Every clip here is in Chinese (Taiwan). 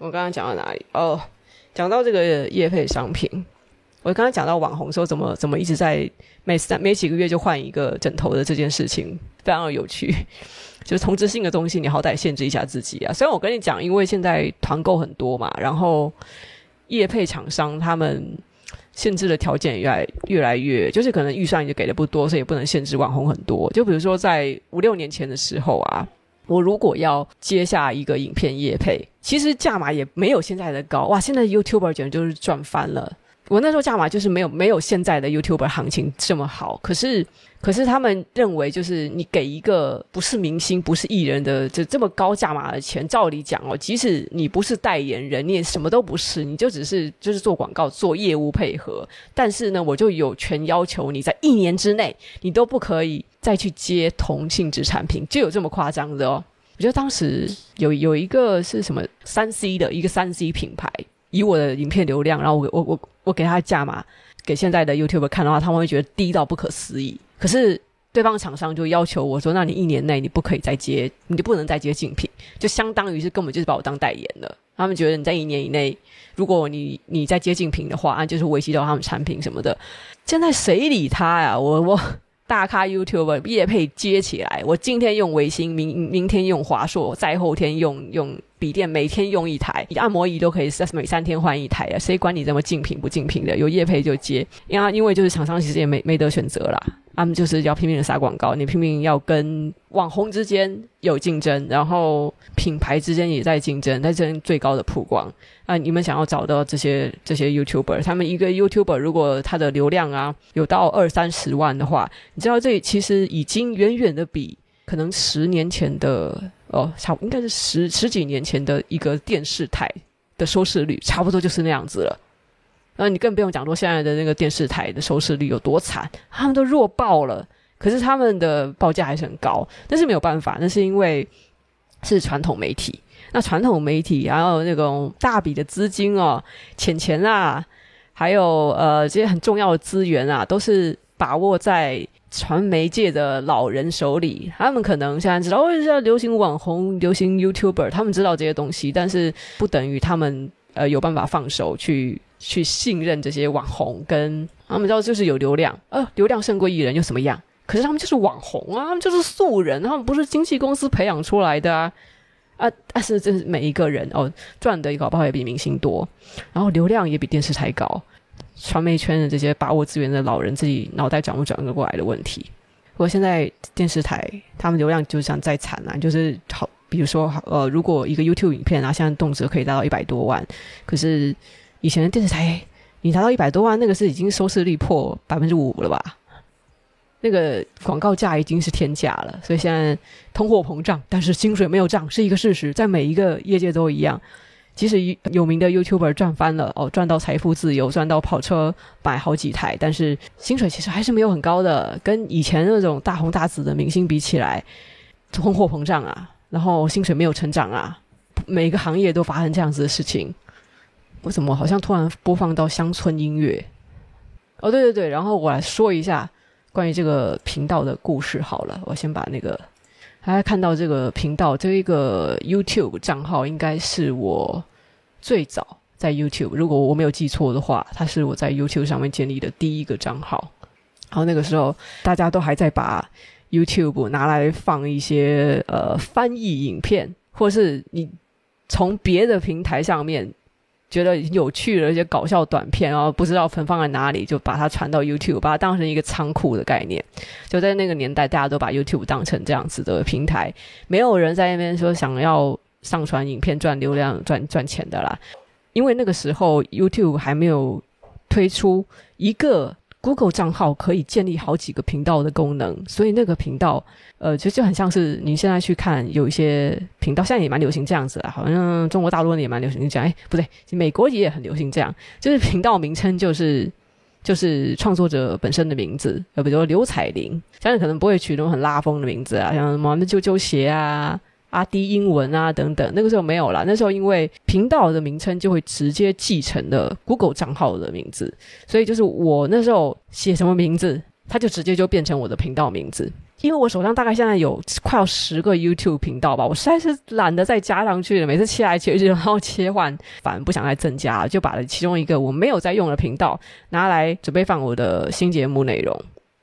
我剛剛講到哪裡？哦、oh，講到這個業配商品。我剛剛講到網紅說怎麼怎麼一直在每三每幾個月就換一個枕頭的這件事情，非常有趣。 就是同質性的東西，你好歹限制一下自己啊。雖然我跟你講，因為現在團購很多嘛，然後業配廠商他們限制的條件越來越來越，就是可能預算已經給的不多，所以也不能限制網紅很多。就比如說在五六年前的時候啊。我如果要接下一個影片業配，其實價碼也沒有現在的高。哇，現在 YouTuber 簡直就是賺翻了。我那時候價碼就是沒有沒有現在的 YouTuber 行情這麼好。可是可是他們認為就是你給一個不是明星不是藝人的就這麼高價碼的錢，照理講哦，即使你不是代言人，你也什麼都不是，你就只是就是做廣告做業務配合。但是呢，我就有權要求你在一年之內，你都不可以。再去接同性質產品，就有這麼誇張的哦。我覺得當時有有一個是什麼三 C 的一個三 C 品牌，以我的影片流量，然後我我我我給他的價碼，給現在的 YouTuber 看的話，他們會覺得低到不可思議。可是對方廠商就要求我說：“那你一年內你不可以再接，你就不能再接競品，就相當於是根本就是把我當代言了。”他們覺得你在一年以內，如果你你在接競品的話，那、啊、就是維繫到他們產品什麼的。現在誰理他呀、啊？我我。大咖 YouTuber 業配接起來，我今天用微星，明明天用華碩，再後天用用筆電，每天用一台，你按摩椅都可以，每三天換一台呀，誰管你這麼競品不競品的，有業配就接，因因為就是廠商其實也沒沒得選擇啦。他們、嗯、就是要拼命的撒廣告，你拼命要跟網紅之間有競爭，然後品牌之間也在競爭，在爭最高的曝光啊！你們想要找到這些這些 YouTuber，他們一個 YouTuber 如果他的流量啊有到二三十萬的話，你知道這其實已經遠遠的比可能十年前的哦，差不多應該是十十幾年前的一個電視台的收視率差不多就是那樣子了。那你更不用講說現在的那個電視台的收視率有多慘，他們都弱爆了，可是他們的報價還是很高。但是沒有辦法，那是因為是傳統媒體。那傳統媒體還有那種大筆的資金哦、錢錢啊，還有呃這些很重要的資源啊，都是把握在傳媒界的老人手裡。他們可能現在知道哦，現在流行網紅、流行 YouTuber，他們知道這些東西，但是不等於他們呃有辦法放手去。去信任這些網紅，跟他們知道就是有流量，呃、哦，流量勝過藝人又什麼樣？可是他們就是網紅啊，他們就是素人，他們不是經紀公司培養出來的啊啊！但是這是每一個人哦，賺的搞不好也比明星多，然後流量也比電視台高。傳媒圈的這些把握資源的老人，自己腦袋轉不轉得過來的問題。不過現在電視台他們流量就算再慘啊，就是好，比如說呃，如果一個 YouTube 影片啊，現在動輒可以達到一百多萬，可是。以前的電視台，你達到一百多萬，那個是已經收視率破百分之五了吧？那個廣告價已經是天價了。所以現在通貨膨脹，但是薪水沒有漲，是一個事實，在每一個業界都一樣。即使有名的 YouTuber 賺翻了哦，賺到財富自由，賺到跑車買好幾臺，但是薪水其實還是沒有很高的。跟以前那種大紅大紫的明星比起來，通貨膨脹啊，然後薪水沒有成長啊，每個行業都發生這樣子的事情。我怎麼好像突然播放到鄉村音樂？哦，對對對，然後我來說一下關於這個頻道的故事好了。我先把那個大家看到這個頻道這一個 YouTube 賬號，應該是我最早在 YouTube，如果我沒有記錯的話，它是我在 YouTube 上面建立的第一個賬號。然後那個時候大家都還在把 YouTube 拿來放一些呃翻譯影片，或是你從別的平台上面。覺得有趣的一些搞笑短片，然後不知道存放在哪裡，就把它傳到 YouTube，把它當成一個倉庫的概念。就在那個年代，大家都把 YouTube 當成這樣子的平台，沒有人在那邊說想要上傳影片賺流量賺賺錢的啦，因為那個時候 YouTube 還沒有推出一個。Google 賬號可以建立好幾個頻道的功能，所以那個頻道，呃，其實就很像是你現在去看有一些頻道，現在也蠻流行這樣子啊，好像中國大陸也蠻流行這樣，哎，不對，美國也很流行這樣，就是頻道名稱就是就是創作者本身的名字，呃，比如說劉彩玲，當然可能不會取那種很拉風的名字啊，像什麼啾啾鞋啊。阿滴英文啊、等等，那個時候沒有啦，那時候因為頻道的名稱就會直接繼承了 Google 賬號的名字，所以就是我那時候寫什麼名字，它就直接就變成我的頻道名字。因為我手上大概現在有快要十個 YouTube 頻道吧，我實在是懶得再加上去了，每次切來切去然後切換反而不想再增加，就把其中一個我沒有在用的頻道拿來準備放我的新節目內容。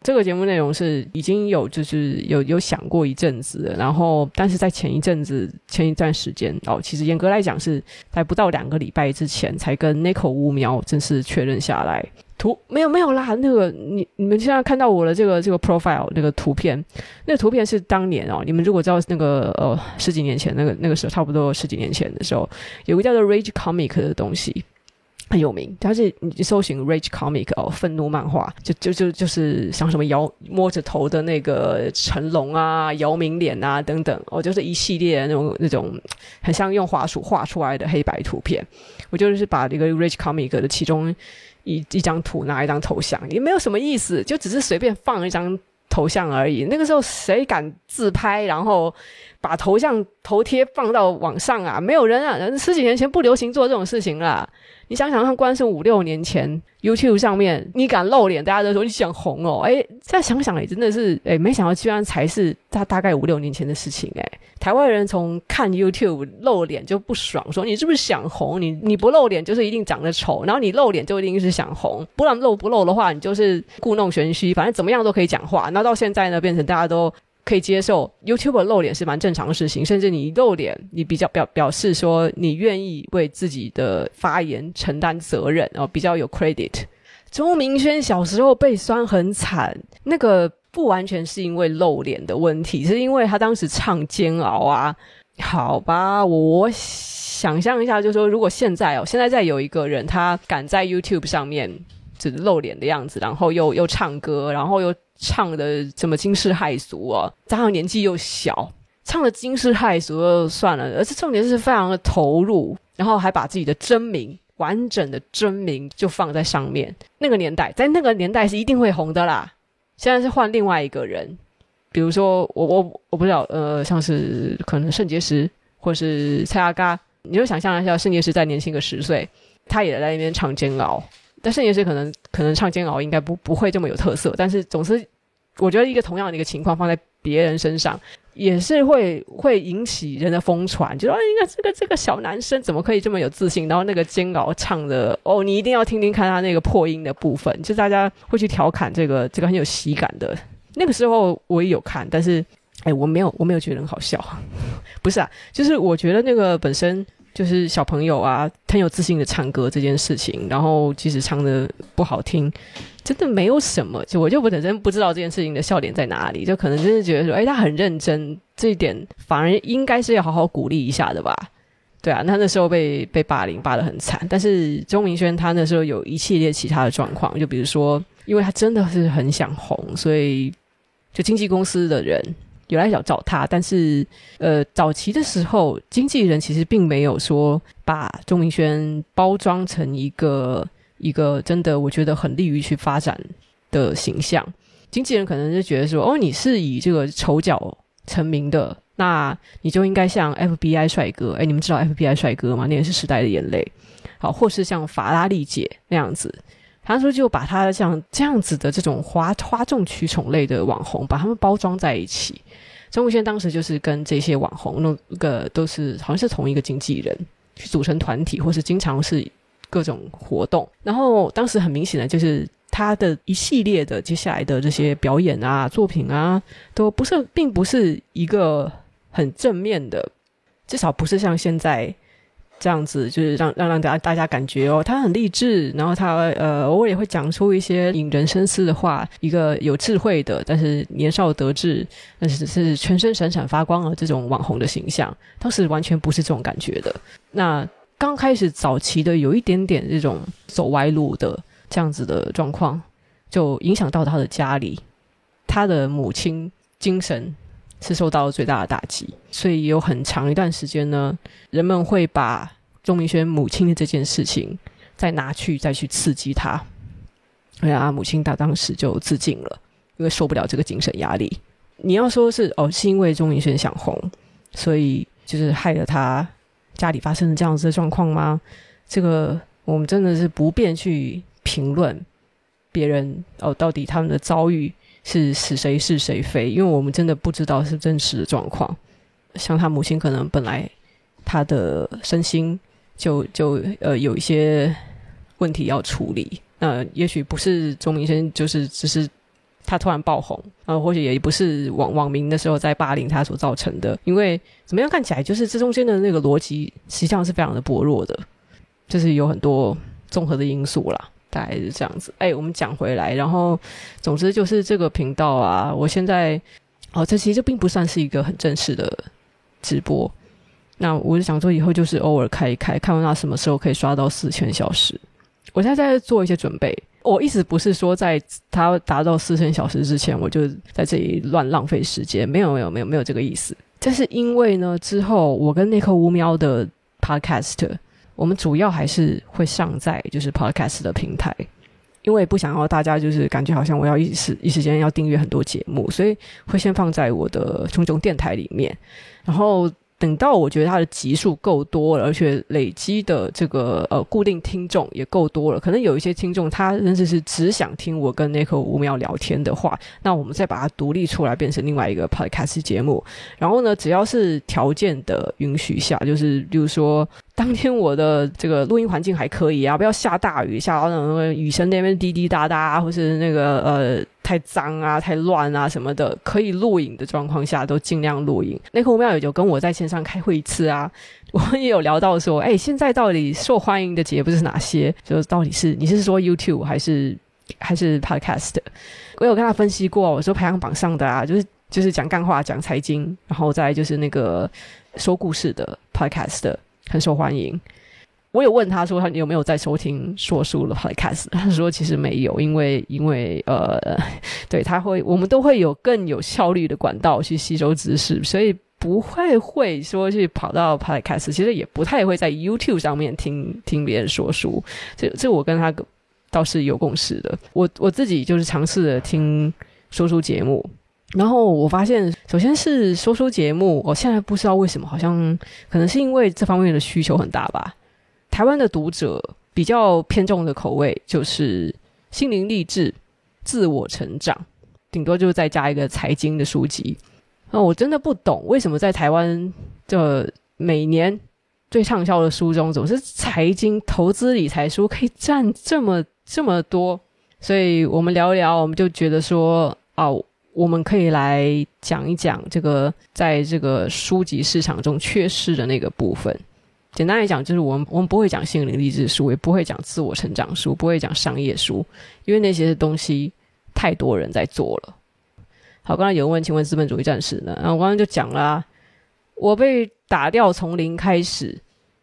這個節目內容是已經有就是有有想過一陣子，然後但是在前一陣子前一段時間哦，其實嚴格來講是還不到兩個禮拜之前，才跟 Nico 烏苗正式確認下來。圖沒有沒有啦，那個你你們現在看到我的這個這個 profile 那個圖片，那個圖片是當年哦，你們如果知道那個呃十幾年前那個那個時候差不多十幾年前的時候，有一個叫做 Rage Comic 的東西。很有名，但是你搜尋 rage comic 哦，憤怒漫畫，就就就就是像什麼姚摸着頭的那個成龍啊、姚明臉啊等等，哦，就是一系列那種那種很像用滑鼠畫出來的黑白圖片。我就是把這個 rage comic 的其中一一張圖拿一張頭像，也沒有什麼意思，就只是隨便放一張頭像而已。那個時候誰敢自拍，然後把頭像頭貼放到網上啊，沒有人啊，十幾年前不流行做這種事情啦。你想想看，光是五六年前，YouTube 上面你敢露臉，大家都說你想紅哦。哎，再想想也真的是，哎，沒想到居然才是大大概五六年前的事情，欸。哎，台灣人從看 YouTube 露臉就不爽，說你是不是想紅？你你不露臉就是一定長得醜，然後你露臉就一定是想紅。不然露不露的話，你就是故弄玄虛，反正怎麼樣都可以講話。那到現在呢，變成大家都。可以接受，YouTuber 露臉是蠻正常的事情，甚至你一露臉，你比較表表示說，你願意為自己的發言承擔責任，然後、哦、比較有 credit。鍾明軒小時候被酸很慘，那個不完全是因為露臉的問題，是因為他當時唱《煎熬》啊。好吧，我想象一下，就是說，如果現在哦，現在再有一個人，他敢在 YouTube 上面。只是露臉的樣子，然後又又唱歌，然後又唱的這麼驚世駭俗啊？加上年紀又小，唱的驚世駭俗就算了，而且重點是非常的投入，然後還把自己的真名，完整的真名就放在上面。那個年代，在那個年代是一定會紅的啦。現在是換另外一個人，比如說我我我不知道，呃，像是可能聖結石或者是蔡阿嘎，你就想象一下，聖結石再年輕個十歲，他也來在那邊唱《煎熬》。那盛一飾可能可能唱《煎熬》應該不不會這麼有特色，但是總之，我覺得一個同樣的一個情況放在別人身上也是會會引起人的瘋傳，就說，哎，你看這個這個小男生怎麼可以這麼有自信？然後那個《煎熬》唱的哦，你一定要聽聽看他那個破音的部分，就大家會去調侃，這個這個很有喜感的。那個時候我也有看，但是哎，我沒有我沒有覺得很好笑， 不是啊，就是我覺得那個本身。就是小朋友啊，很有自信的唱歌這件事情，然後即使唱的不好聽，真的沒有什麼，就我就本身不知道這件事情的笑點在哪裡，就可能真的覺得說，哎，他很認真，這一點反而應該是要好好鼓勵一下的吧。對啊，那他那時候被被霸凌霸的很慘，但是鍾明軒他那時候有一系列其他的狀況，就比如說，因為他真的是很想紅，所以就經紀公司的人。有來找找他，但是呃，早期的時候，經紀人其實並沒有說把鍾明軒包裝成一個一個真的，我覺得很利於去發展的形象。經紀人可能就覺得說，哦，你是以這個丑角成名的，那你就應該像 FBI 帥哥，哎，你們知道 FBI 帥哥嗎？那也是時代的眼淚。好，或是像法拉利姐那樣子。他說：“當就把他像這樣子的這種嘩嘩眾取寵類的網紅，把他們包裝在一起。中國現在當時就是跟這些網紅那個都是，好像是同一個經紀人去組成團體，或是經常是各種活動。然後當時很明顯的就是他的一系列的接下來的這些表演啊、作品啊，都不是，並不是一個很正面的，至少不是像現在。”這樣子就是讓讓讓大家大家感覺哦，他很勵志，然後他呃偶爾也會講出一些引人深思的話，一個有智慧的，但是年少得志，但是是全身閃閃發光的這種網紅的形象，當時完全不是這種感覺的。那剛開始早期的有一點點這種走歪路的這樣子的狀況，就影響到他的家裡，他的母親精神，是受到了最大的打擊，所以有很長一段時間呢，人們會把鍾明軒母親的這件事情再拿去再去刺激他。哎呀，母親他當時就自盡了，因為受不了這個精神壓力。你要說是哦，是因為鍾明軒想紅，所以就是害了他家裡發生了這樣子的狀況嗎？這個我們真的是不便去評論別人哦，到底他們的遭遇，是死誰是誰非？因為我們真的不知道是真實的狀況。像他母親可能本來他的身心就就呃有一些問題要處理。那也許不是鍾明軒，就是只是他突然爆紅啊、呃，或許也不是網網民那時候在霸凌他所造成的。因為怎麼樣看起來，就是這中間的那個邏輯實際上是非常的薄弱的，就是有很多綜合的因素啦。還是這樣子，哎，我們講回來，然後總之就是這個頻道啊，我現在哦，這其實並不算是一個很正式的直播。那我是想說，以後就是偶爾開一開，看看那什麼時候可以刷到四千小時。我現在在做一些準備。我意思不是說在它達到四千小時之前，我就在這裡亂浪費時間，沒有沒有沒有沒有這個意思。但是因為呢，之後我跟那顆烏喵的 Podcast。我們主要還是會上在就是 Podcast 的平台，因為不想要大家就是感覺好像我要一時一時間要訂閱很多節目，所以會先放在我的冏冏電台裡面。然後等到我覺得它的集數夠多了，而且累積的這個呃固定聽眾也夠多了，可能有一些聽眾他甚至是只想聽我跟 Nick 吳淼聊天的話，那我們再把它獨立出來變成另外一個 Podcast 節目。然後呢，只要是條件的允許下，就是比如說。當天我的這個錄音環境還可以啊，不要下大雨，下到那種雨聲那邊滴滴答答，或是那個呃太髒啊、太亂啊什麼的，可以錄影的狀況下都盡量錄影。那克吳妙也就跟我在線上開會一次啊，我也有聊到說，哎，現在到底受歡迎的節目是哪些？就是到底是你是說 YouTube 還是還是 Podcast？我有跟他分析過，我說排行榜上的啊，就是就是講幹話、講財經，然後再就是那個說故事的 Podcast。很受歡迎。我有問他說，他有沒有在收聽說書的 Podcast？他說其實沒有，因為因為呃，對他會我們都會有更有效率的管道去吸收知識，所以不會會說去跑到 Podcast，其實也不太會在 YouTube 上面聽聽別人說書。這這我跟他倒是有共識的。我我自己就是嘗試着聽說書節目。然後我發現，首先是說書節目，我現在不知道為什麼，好像可能是因為這方面的需求很大吧。台灣的讀者比較偏重的口味就是心靈勵志、自我成長，頂多就是再加一個財經的書籍。那我真的不懂為什麼在台灣的每年最暢銷的書中，總是財經、投資理財書可以占這麼這麼多。所以我們聊一聊，我們就覺得說哦，啊。我們可以來講一講這個在這個書籍市場中缺失的那個部分。簡單來講，就是我們我們不會講心靈勵志書，也不會講自我成長書，不會講商業書，因為那些是東西太多人在做了。好，剛才有人問，請問資本主義戰士呢？然後，啊，我剛剛就講了，我被打掉，從零開始，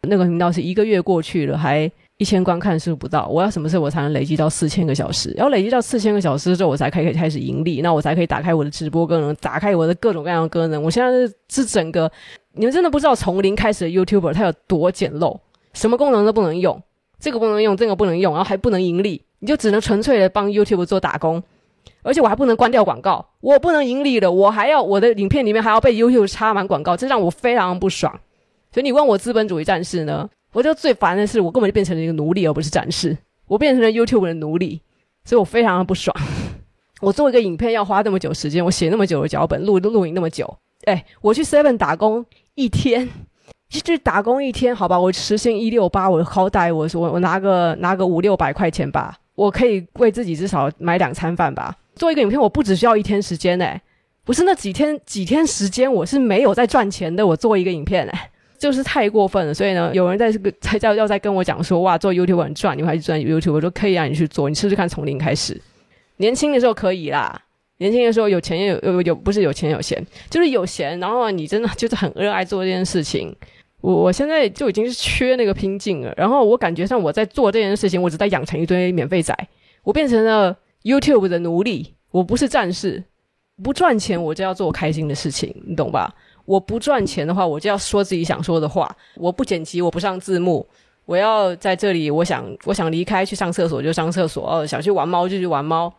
那個頻道是一個月過去了，還。一千觀看次數不到，我要什麼時候我才能累積到四千個小時？要累積到四千個小時之後，我才可以，可以開始盈利，那我才可以打開我的直播功能，打開我的各種各樣的功能。我現在是，是整個，你們真的不知道從零開始的 YouTube，它有多簡陋，什麼功能都不能用，這個不能用，這個不能用，然後還不能盈利，你就只能純粹的幫 YouTube 做打工，而且我還不能關掉廣告，我不能盈利了，我還要我的影片裡面還要被 YouTube 插滿廣告，這讓我非常不爽。所以你問我資本主義戰士呢？我就最煩的是，我根本就變成了一個奴隸，而不是展示。我變成了 YouTube 的奴隸，所以我非常的不爽。 我做一個影片要花那麼久時間，我寫那麼久的腳本，錄錄影那麼久。哎，我去 Seven 打工一天，就去打工一天，好吧，我時薪一六八，我好歹我說我拿個拿個五六百塊錢吧，我可以為自己至少買兩餐飯吧。做一個影片，我不只需要一天時間，哎，不是那幾天幾天時間，我是沒有在賺錢的。我做一個影片，哎。就是太過分了，所以呢，有人在跟在要要在，在跟我講說，哇，做 YouTube 很賺，你快去賺 YouTube，我說可以讓你去做，你試試看從零開始。年輕的時候可以啦，年輕的時候有錢也有有有，不是有錢有閒，就是有閒。然後你真的就是很熱愛做這件事情。我我現在就已經是缺那個拼勁了。然後我感覺上我在做這件事情，我只在養成一堆免費仔，我變成了 YouTube 的奴隸。我不是戰士，不賺錢我就要做開心的事情，你懂吧？我不賺錢的話，我就要說自己想說的話。我不剪輯，我不上字幕，我要在這裡。我想，我想離開去上廁所就上廁所，哦，想去玩貓就去玩貓。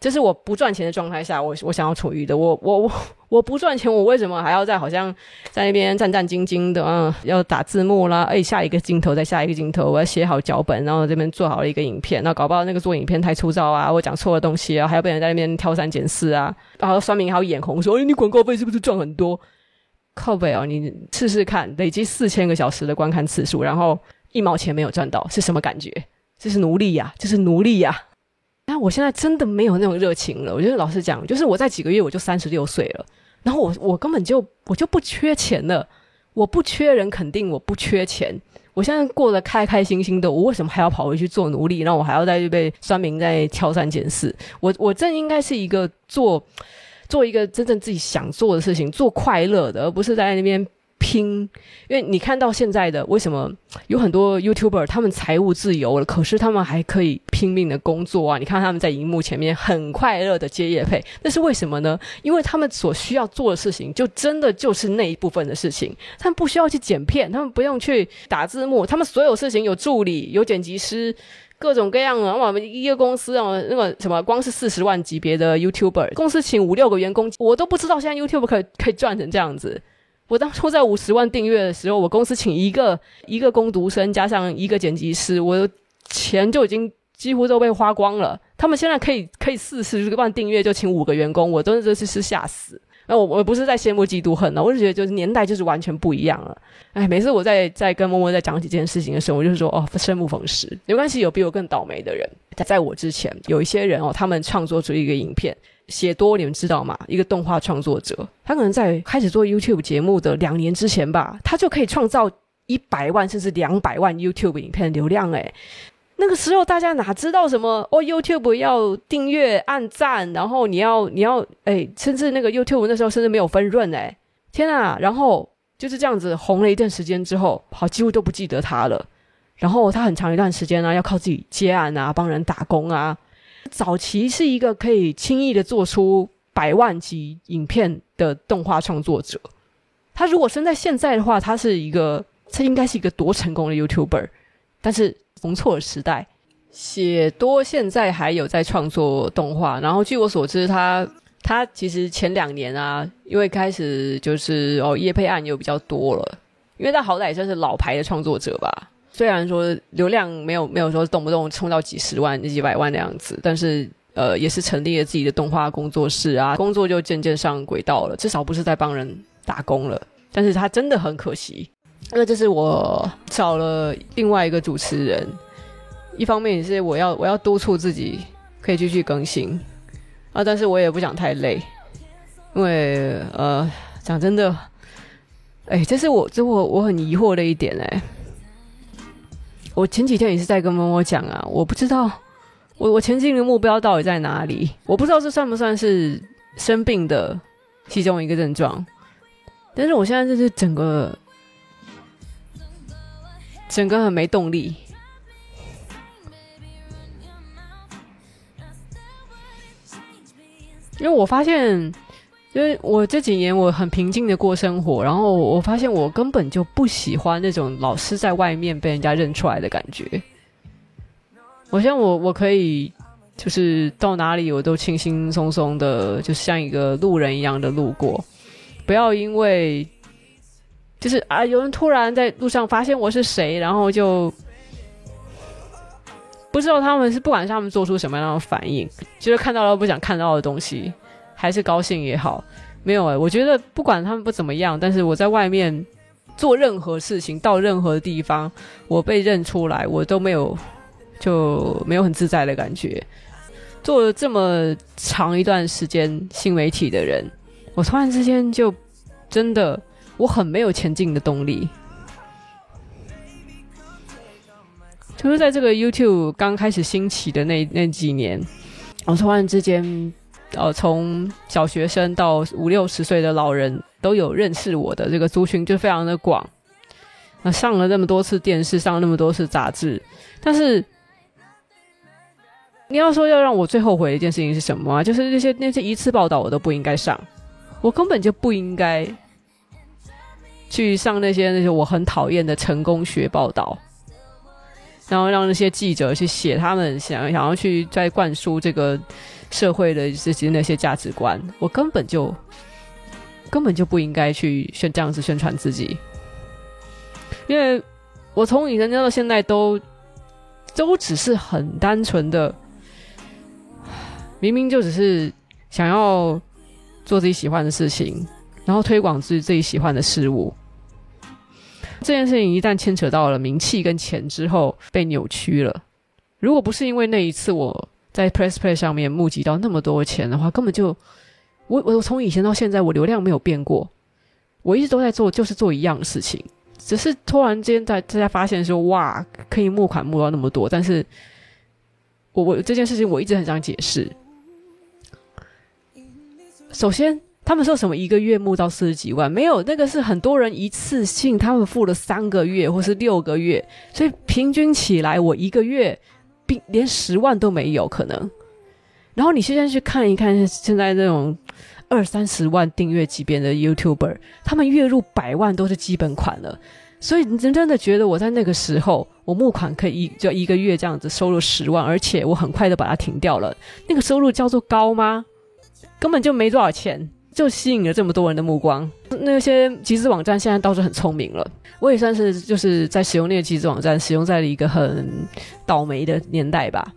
這是我不賺錢的狀態下，我我想要處於的。我我我我不賺錢，我為什麼還要在好像在那邊戰戰兢兢的？嗯，要打字幕啦，哎，下一個鏡頭再下一個鏡頭，我要寫好腳本，然後這邊做好了一個影片，那搞不好那個做影片太粗糙啊，我講錯了東西啊，還要被人在那邊挑三揀四啊，然後酸民還要眼紅說，哎，你廣告費是不是賺很多？靠北哦、啊，你試試看，累積四千個小時的觀看次數，然後一毛錢沒有賺到，是什麼感覺？這是奴隸呀、啊，這是奴隸呀、啊！那我現在真的沒有那種熱情了。我覺得老實講，就是我在幾個月我就三十六歲了，然後我我根本就我就不缺錢了，我不缺人，肯定我不缺錢。我現在過得開開心心的，我為什麼還要跑回去做奴隸？然後我還要再去被酸民，在挑三揀四。我我這應該是一個做。做一個真正自己想做的事情，做快樂的，而不是在那邊拼。因為你看到現在的為什麼有很多 YouTuber，他們財務自由了，可是他們還可以拼命的工作啊！你看他們在熒幕前面很快樂的接業配，那是為什麼呢？因為他們所需要做的事情，就真的就是那一部分的事情。他們不需要去剪片，他們不用去打字幕，他們所有事情有助理，有剪輯師。各種各樣的、啊，我們一個公司哦、啊，那個什麼，光是四十萬級別的 YouTuber，公司請五六個員工，我都不知道現在 YouTuber 可以可以賺成這樣子。我當初在五十萬訂閱的時候，我公司請一個一個工讀生加上一個剪輯師，我的錢就已經幾乎都被花光了。他們現在可以可以四十萬訂閱就請五個員工，我真的這次是嚇死。那我、啊、我不是在羨慕、嫉妒、恨呢，我是覺得就是年代就是完全不一樣了。哎，每次我在在跟默默在講起這件事情的時候，我就是說哦，生不逢時。沒關係，有比我更倒霉的人，在我之前有一些人哦，他們創作出一個影片，寫多你們知道嗎？一個動畫創作者，他可能在開始做 YouTube 節目的兩年之前吧，他就可以創造一百萬甚至兩百萬 YouTube 影片的流量，哎。那個時候大家哪知道什麼哦？YouTube 要訂閱、按讚，然後你要，你要，誒，甚至那個 YouTube 那時候甚至沒有分潤，誒，天啊！然後就是這樣子紅了一段時間之後，好幾乎都不記得他了。然後他很長一段時間呢、啊，要靠自己接案啊，幫人打工啊。早期是一個可以輕易的做出百萬級影片的動畫創作者，他如果生在現在的話，他是一個，他應該是一個多成功的 YouTuber，但是。紅錯的時代，寫多現在還有在創作動畫。然後據我所知他、他他其實前兩年啊，因為開始就是哦，業配案又比較多了。因為他好歹也算是老牌的創作者吧，雖然說流量沒有沒有說動不動衝到幾十萬、幾百萬那樣子，但是呃，也是成立了自己的動畫工作室啊，工作就漸漸上軌道了，至少不是在幫人打工了。但是他真的很可惜。那就是我找了另外一個主持人，一方面也是我要我要督促自己可以繼續更新啊，但是我也不想太累，因為呃講真的，哎、欸，這是我這是我我很疑惑的一點哎、欸，我前幾天也是在跟萌萌講啊，我不知道我我前進的目標到底在哪裡，我不知道這算不算是生病的其中一個症狀，但是我現在就是整個。整個很沒動力，因為我發現，因為我這幾年我很平靜的過生活，然後我發現我根本就不喜歡那種老是在外面被人家認出來的感覺，我現我。我想我我可以就是到哪裡我都輕輕鬆鬆的，就像一個路人一樣的路過，不要因為。就是啊，有人突然在路上發現我是誰，然後就不知道他們是，不管是他們做出什麼樣的反應，就是看到了不想看到的東西，還是高興也好，沒有啊、欸。我覺得不管他們不怎麼樣，但是我在外面做任何事情，到任何地方，我被認出來，我都沒有就沒有很自在的感覺。做了這麼長一段時間新媒體的人，我突然之間就真的。我很沒有前進的動力，就是在這個 YouTube 剛開始興起的那那幾年，我突然之間，呃，從小學生到五六十歲的老人都有認識我的這個族群，就非常的廣。那、呃、上了那麼多次電視，上了那麼多次雜誌，但是你要說要讓我最後悔的一件事情是什麼啊？就是那些那些一次報道我都不應該上，我根本就不應該。去上那些那些我很討厭的成功學報道，然後讓那些記者去寫他們想想要去再灌輸這個社會的這些那些價值觀，我根本就根本就不應該去宣，這樣子宣傳自己，因為我從以前到現在都都只是很單純的，明明就只是想要做自己喜歡的事情，然後推廣自己自己喜歡的事物。這件事情一旦牽扯到了名氣跟錢之後，被扭曲了。如果不是因為那一次我在 Press Play 上面募集到那麼多錢的話，根本就我我從以前到現在，我流量沒有變過。我一直都在做，就是做一樣的事情，只是突然間在大家發現說，哇，可以募款募到那麼多。但是我我這件事情，我一直很想解釋。首先。他們說什麼一個月募到四十幾萬？沒有，那個是很多人一次性，他們付了三個月或是六個月，所以平均起來我一個月並連十萬都沒有可能。然後你現在去看一看現在那種二三十萬訂閱級別的 YouTuber，他們月入百萬都是基本款了。所以你真正的覺得我在那個時候我募款可以一就一個月這樣子收入十萬，而且我很快的把它停掉了，那個收入叫做高嗎？根本就沒多少錢。就吸引了這麼多人的目光。那些集資網站現在倒是很聰明了。我也算是就是在使用那個集資網站，使用在了一個很倒霉的年代吧。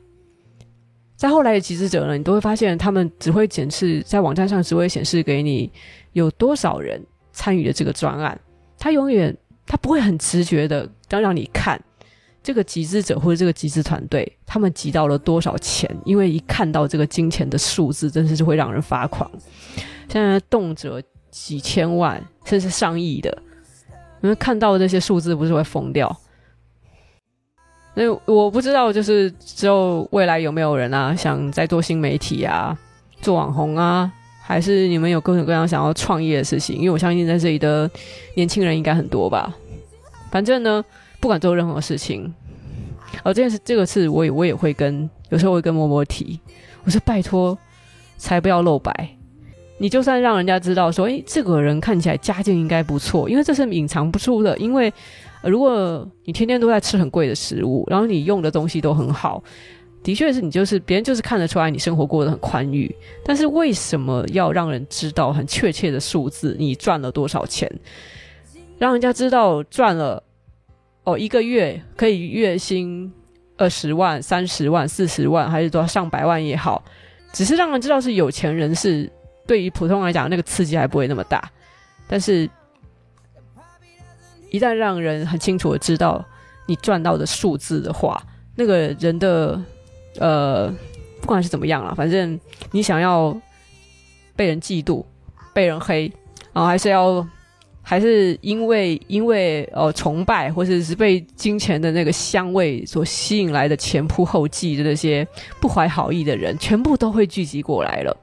在後來的集資者呢，你都會發現他們只會檢視，在網站上只會顯示給你有多少人參與了這個專案。他永遠，他不會很直覺的剛讓你看這個集資者或者這個集資團隊，他們集到了多少錢，因為一看到這個金錢的數字，真是會讓人發狂。現在動輒幾千萬，甚至上億的，你們看到的這些數字不是會瘋掉？那我不知道，就是之後未來有沒有人啊，想再做新媒體啊，做網紅啊，還是你們有各種各樣想要創業的事情？因為我相信在這裡的年輕人應該很多吧。反正呢，不管做任何事情，而、哦、這件事、這個事，我也我也會跟，有時候會跟默默提，我說拜托，才不要露白。你就算讓人家知道說，誒、欸、這個人看起來家境應該不錯，因為這是隱藏不住的。因為、呃，如果你天天都在吃很貴的食物，然後你用的東西都很好，的確是你就是別人就是看得出來你生活過得很寬裕。但是為什麼要讓人知道很確切的數字？你賺了多少錢？讓人家知道賺了哦，一個月可以月薪二十萬、三十萬、四十萬，還是多少上百萬也好，只是讓人知道是有錢人是。對於普通人來講，那個刺激還不會那麼大，但是，一旦讓人很清楚的知道你賺到的數字的話，那個人的呃，不管是怎麼樣啦，反正你想要被人嫉妒、被人黑，然後還是要，還是因為因為呃崇拜或者是被金錢的那個香味所吸引來的前仆後繼的那些不懷好意的人，全部都會聚集過來了。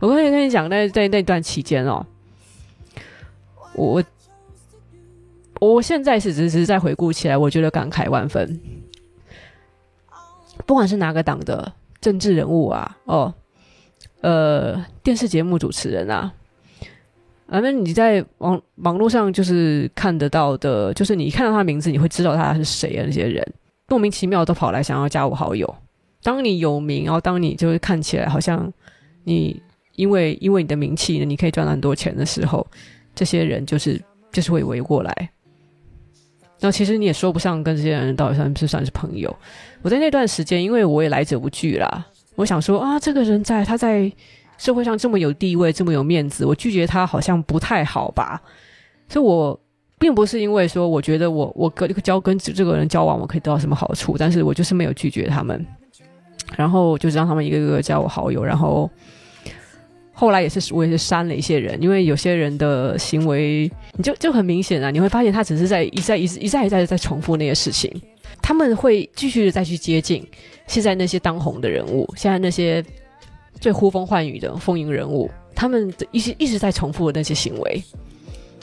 我剛才跟你講，在在那，那段期間哦，我我現在是只是在回顧起來，我覺得感慨萬分。不管是哪個黨的政治人物啊，哦，呃，電視節目主持人啊，反正你在網網絡上就是看得到的，就是你看到他名字，你會知道他是誰啊。那些人莫名其妙都跑來想要加我好友。當你有名，然後當你就是看起來好像你。因為因為你的名氣呢，你可以賺很多錢的時候，這些人就是就是會圍過來。那其實你也說不上跟這些人到底算不算是朋友。我在那段時間，因為我也來者不拒啦，我想說啊，這個人在他在社會上這麼有地位，這麼有面子，我拒絕他好像不太好吧？所以我，我並不是因為說我覺得我我跟交跟這個人交往我可以得到什麼好處，但是我就是沒有拒絕他們，然後就是讓他們一個個加我好友，然後。後來也是我也是刪了一些人，因為有些人的行為，你就就很明顯啊，你會發現他只是在一再一再一再一再在重複那些事情。他們會繼續的再去接近現在那些當紅的人物，現在那些最呼風喚雨的風雲人物，他們一直一直在重複的那些行為。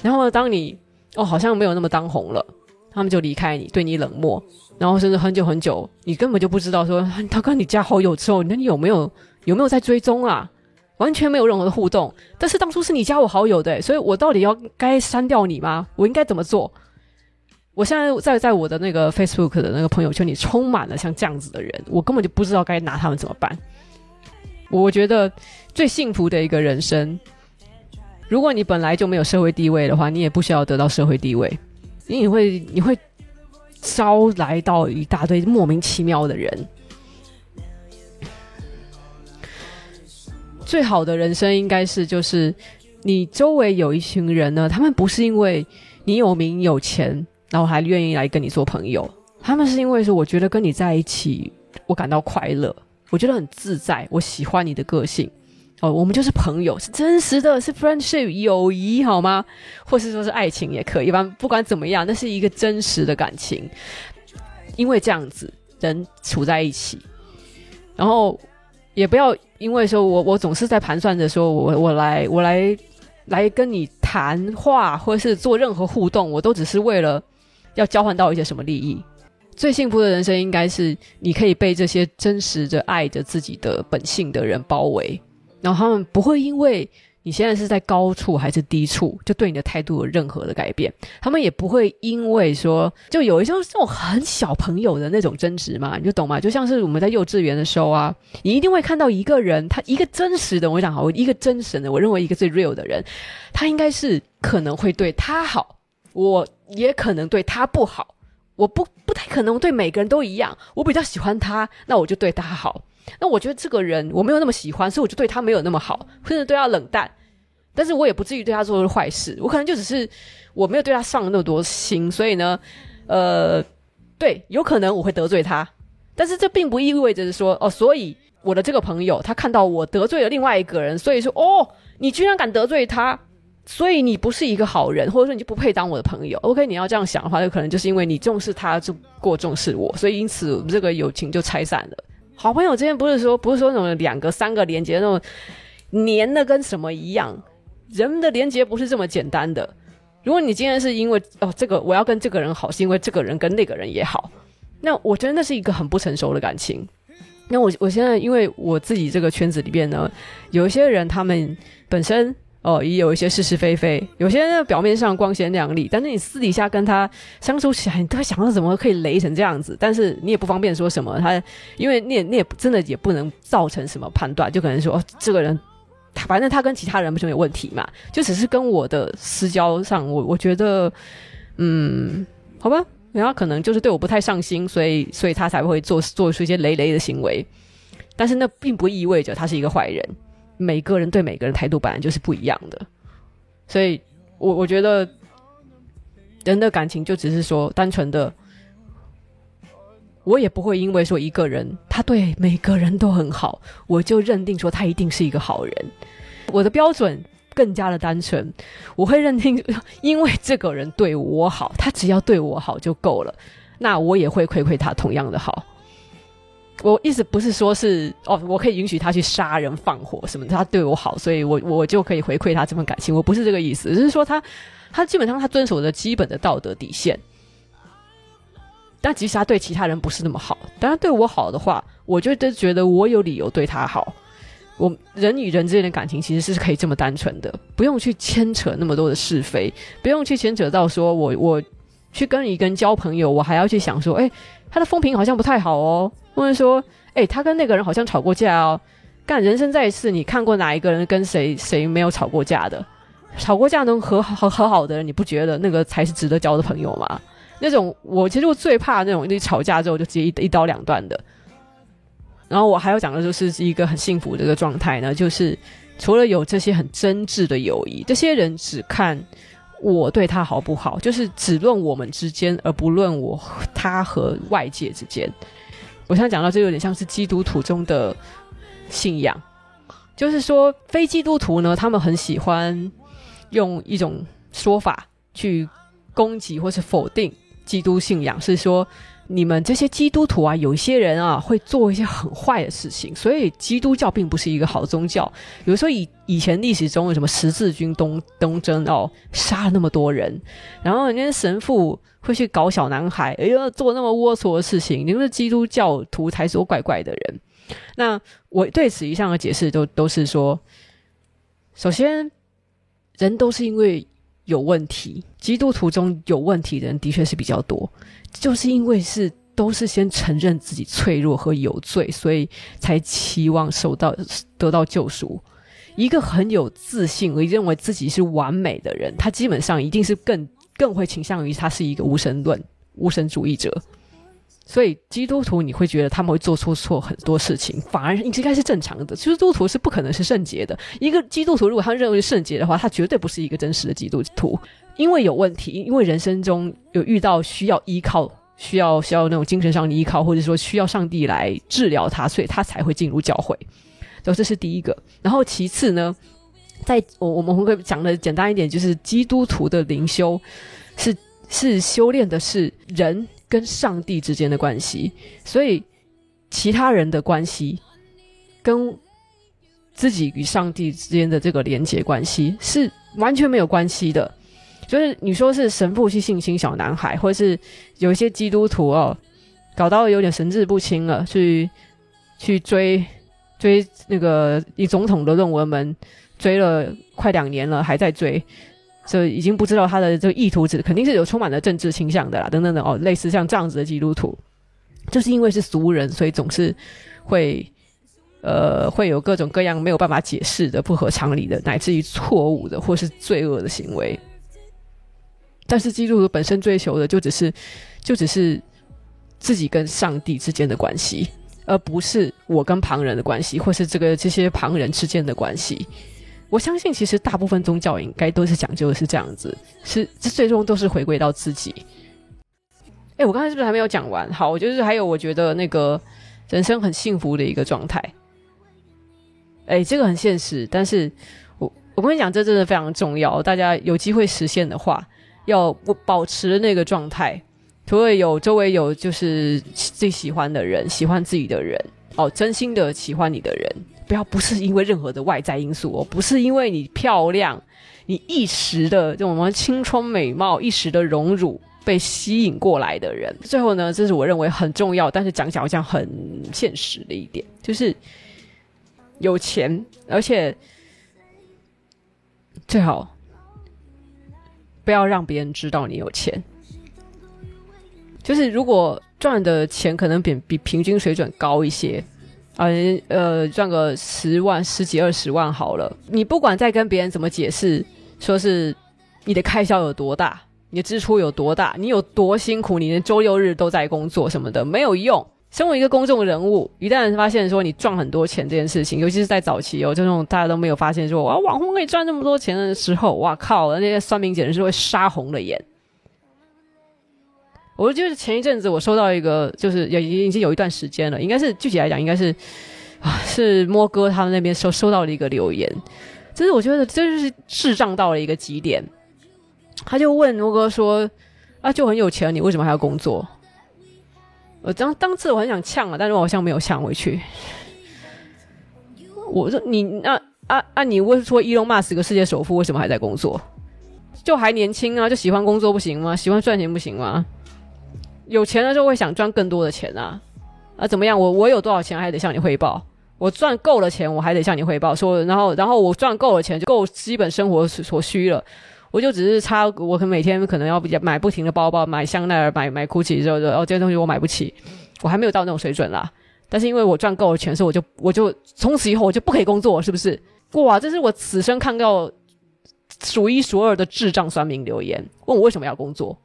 然後當你哦好像沒有那麼當紅了，他們就離開你，對你冷漠，然後甚至很久很久，你根本就不知道說，他跟你加好友之後，你那你有沒有有沒有在追蹤啊？完全沒有任何的互動，但是當初是你加我好友的，所以我到底要該刪掉你嗎？我應該怎麼做？我現在在在我的那個 Facebook 的那個朋友圈裡充滿了像這樣子的人，我根本就不知道該拿他們怎麼辦。我覺得最幸福的一個人生，如果你本來就沒有社會地位的話，你也不需要得到社會地位，因為你會你會招來到一大堆莫名其妙的人。最好的人生應該是，就是你周圍有一群人呢，他們不是因為你有名有錢，然後還願意來跟你做朋友，他們是因為說我覺得跟你在一起，我感到快樂，我覺得很自在，我喜歡你的個性，哦，我們就是朋友，是真實的，是 friendship 友誼，好嗎？或是說是愛情也可以，一般不管怎麼樣，那是一個真實的感情，因為這樣子人處在一起，然後。也不要因為說我，我我總是在盤算着，說我我來我來，來跟你談話或者是做任何互動，我都只是為了要交換到一些什麼利益。最幸福的人生應該是你可以被這些真實的愛着自己的本性的人包圍，然後他們不會因為。你現在是在高處還是低處，就對你的態度有任何的改變，他們也不會因為說就有一些這種很小朋友的那種爭執嘛，你就懂嗎？就像是我們在幼稚園的時候啊，你一定會看到一個人，他一個真實的，我講好，一個真實的，我認為一個最 real 的人，他應該是可能會對他好，我也可能對他不好，我不不太可能對每個人都一樣，我比較喜歡他，那我就對他好。那我覺得這個人我沒有那麼喜歡，所以我就對他沒有那麼好，甚至對他冷淡。但是我也不至於對他做壞事，我可能就只是我沒有對他上那麼多心，所以呢，呃，對，有可能我會得罪他。但是這並不意味着說，哦，所以我的這個朋友他看到我得罪了另外一個人，所以說，哦，你居然敢得罪他，所以你不是一個好人，或者說你就不配當我的朋友。OK，你要這樣想的話，就可能就是因為你重視他就過重視我，所以因此我們這個友情就拆散了。好朋友之間不是說，不是說那種兩個三個連接那種粘的跟什麼一樣，人們的連接不是這麼簡單的。如果你今天是因為哦，這個我要跟這個人好，是因為這個人跟那個人也好，那我真的是一個很不成熟的感情。那我我現在因為我自己這個圈子裡邊呢，有一些人他們本身。哦，也有一些是是非非，有些人表面上光鮮亮麗，但是你私底下跟他相處起來，你都會想到怎麼可以雷成這樣子。但是你也不方便說什麼，他，因為你也你也真的也不能造成什麼判斷，就可能說、哦、這個人，他反正他跟其他人不是沒有問題嘛，就只是跟我的私交上，我我覺得，嗯，好吧，人家可能就是對我不太上心，所以所以他才會做做出一些雷雷的行為，但是那並不意味着他是一個壞人。每個人對每個人態度本來就是不一樣的，所以我我覺得人的感情就只是說單純的，我也不會因為說一個人他對每個人都很好，我就認定說他一定是一個好人。我的標準更加的單純，我會認定因為這個人對我好，他只要對我好就夠了，那我也會回饋他同樣的好。我意思不是說是，是哦，我可以允許他去殺人放火什麼的，他對我好，所以我我就可以回饋他這份感情。我不是這個意思，只是說他，他基本上他遵守的基本的道德底線。但即使他對其他人不是那麼好，但他對我好的話，我就覺得覺得我有理由對他好。我人與人之間的感情其實是可以這麼單純的，不用去牽扯那麼多的是非，不用去牽扯到說我我去跟一個人交朋友，我還要去想說，誒，他的風評好像不太好哦。或者說，哎、欸，他跟那個人好像吵過架哦。幹，人生在世，你看過哪一個人跟誰誰沒有吵過架的？吵過架能和好和，和好的人，你不覺得那個才是值得交的朋友嗎？那種我其實我最怕那種一吵架之後就直接一,一刀兩斷的。然後我還要講的就是一個很幸福的一個狀態呢，就是除了有這些很真摯的友誼，這些人只看我對他好不好，就是只論我們之間，而不論我他和外界之間。我現在講到這有點像是基督徒中的信仰，就是說非基督徒呢，他們很喜歡用一種說法去攻擊或是否定基督信仰，是說，你們這些基督徒啊，有些人啊會做一些很壞的事情，所以基督教並不是一個好宗教。比如說以以前歷史中有什麼十字軍東東征哦，殺了那麼多人，然後人家神父會去搞小男孩，哎呦，做那麼齷齪的事情，你們的基督教徒才是怪怪的人。那我對此以上的解釋都都是說，首先人都是因為。有問題，基督徒中有問題的人的確是比較多，就是因為是都是先承認自己脆弱和有罪，所以才期望受到得到救贖。一個很有自信而認為自己是完美的人，他基本上一定是更更會傾向於他是一個無神論無神主義者。所以基督徒你會覺得他們會做錯錯很多事情，反而應該是正常的。基督徒是不可能是聖潔的。一個基督徒如果他認為是聖潔的話，他絕對不是一個真實的基督徒，因為有問題。因為人生中有遇到需要依靠、需要需要那種精神上的依靠，或者說需要上帝來治療他，所以他才會進入教會。然後這是第一個。然後其次呢，在我我們會講的簡單一點，就是基督徒的靈修是是修煉的是人，跟上帝之間的關係，所以其他人的關係，跟自己與上帝之間的這個連結關係是完全沒有關係的。就是你說是神父去性侵小男孩，或者是有一些基督徒哦，搞到有點神志不清了，去去追追那個以總統的論文門，追了快兩年了，還在追。所以已經不知道他的這個意圖是肯定是有充滿了政治傾向的啦，等等的哦，類似像這樣子的基督徒，就是因為是俗人，所以總是會呃會有各種各樣沒有辦法解釋的不合常理的，乃至於錯誤的或是罪惡的行為。但是基督徒本身追求的就只是就只是自己跟上帝之間的關係，而不是我跟旁人的關係，或是這個這些旁人之間的關係。我相信，其實大部分宗教應該都是講究的是這樣子，是這最終都是回歸到自己。哎，我剛才是不是還沒有講完？好，我就是還有，我覺得那個人生很幸福的一個狀態。哎，這個很現實，但是我我跟你講，這真的非常重要。大家有機會實現的話，要保持那個狀態，除了有周圍有就是最喜歡的人，喜歡自己的人，哦，真心的喜歡你的人。不要不是因為任何的外在因素哦，不是因為你漂亮，你一時的這種青春美貌，一時的榮辱被吸引過來的人。最後呢，這是我認為很重要，但是講起來講好像很現實的一點，就是有錢，而且最好不要讓別人知道你有錢。就是如果賺的錢可能比比平均水準高一些。呃、啊、呃，賺個十萬、十幾、二十萬好了。你不管再跟別人怎麼解釋，說是你的開銷有多大，你的支出有多大，你有多辛苦，你連周六日都在工作什麼的，沒有用。身為一個公眾人物，一旦發現說你賺很多錢這件事情，尤其是在早期哦，這種大家都沒有發現說哇，網紅可以賺這麼多錢的時候，哇靠，那些酸民簡直是會殺紅了眼。我就是前一陣子我收到一個，就是也已經已經有一段時間了，應該是具體來講應該是啊，是摸哥他們那邊收收到了一個留言，就是我覺得這就是智障到了一個極點。他就問摸哥說啊，就很有錢了，你為什麼還要工作？我當當次我很想嗆了、啊，但是我好像沒有嗆回去。我說你那啊啊，啊你問說伊隆馬斯克世界首富為什麼還在工作？就還年輕啊，就喜歡工作不行嗎？喜歡賺錢不行嗎？有錢的時候會想賺更多的錢啊，啊怎麼樣？我我有多少錢還得向你匯報？我賺夠了錢，我還得向你匯報說，然後然後我賺夠了錢就夠基本生活所需了，我就只是差我每天可能要買不停的包包，買香奈兒，買買 Gucci，這個，哦這些東西我買不起，我還沒有到那種水準啦。但是因為我賺夠了錢，所以我就我就從此以後我就不可以工作，是不是？哇，這是我此生看到數一數二的智障酸民留言，問我為什麼要工作。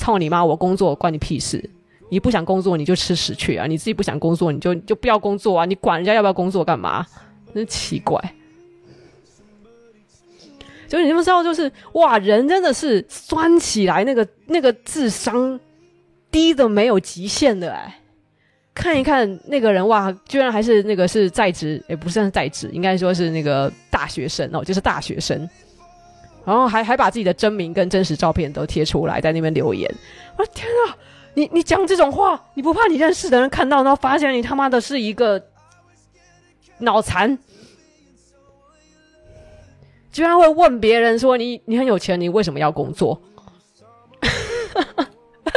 操你媽！我工作關你屁事！你不想工作你就吃屎去啊！你自己不想工作你就就不要工作啊！你管人家要不要工作幹嘛？真奇怪！所以你就是你不知道，就是哇，人真的是酸起來，那個那個智商低得沒有極限的哎！看一看那個人哇，居然還是那個是在職，也、欸、不算在職，應該說是那個大學生哦，就是大學生。然後還還把自己的真名跟真實照片都貼出來，在那邊留言。我說天啊，你你講這種話，你不怕你認識的人看到，然後發現你他媽的是一個腦殘？居然會問別人說你你很有錢，你為什麼要工作？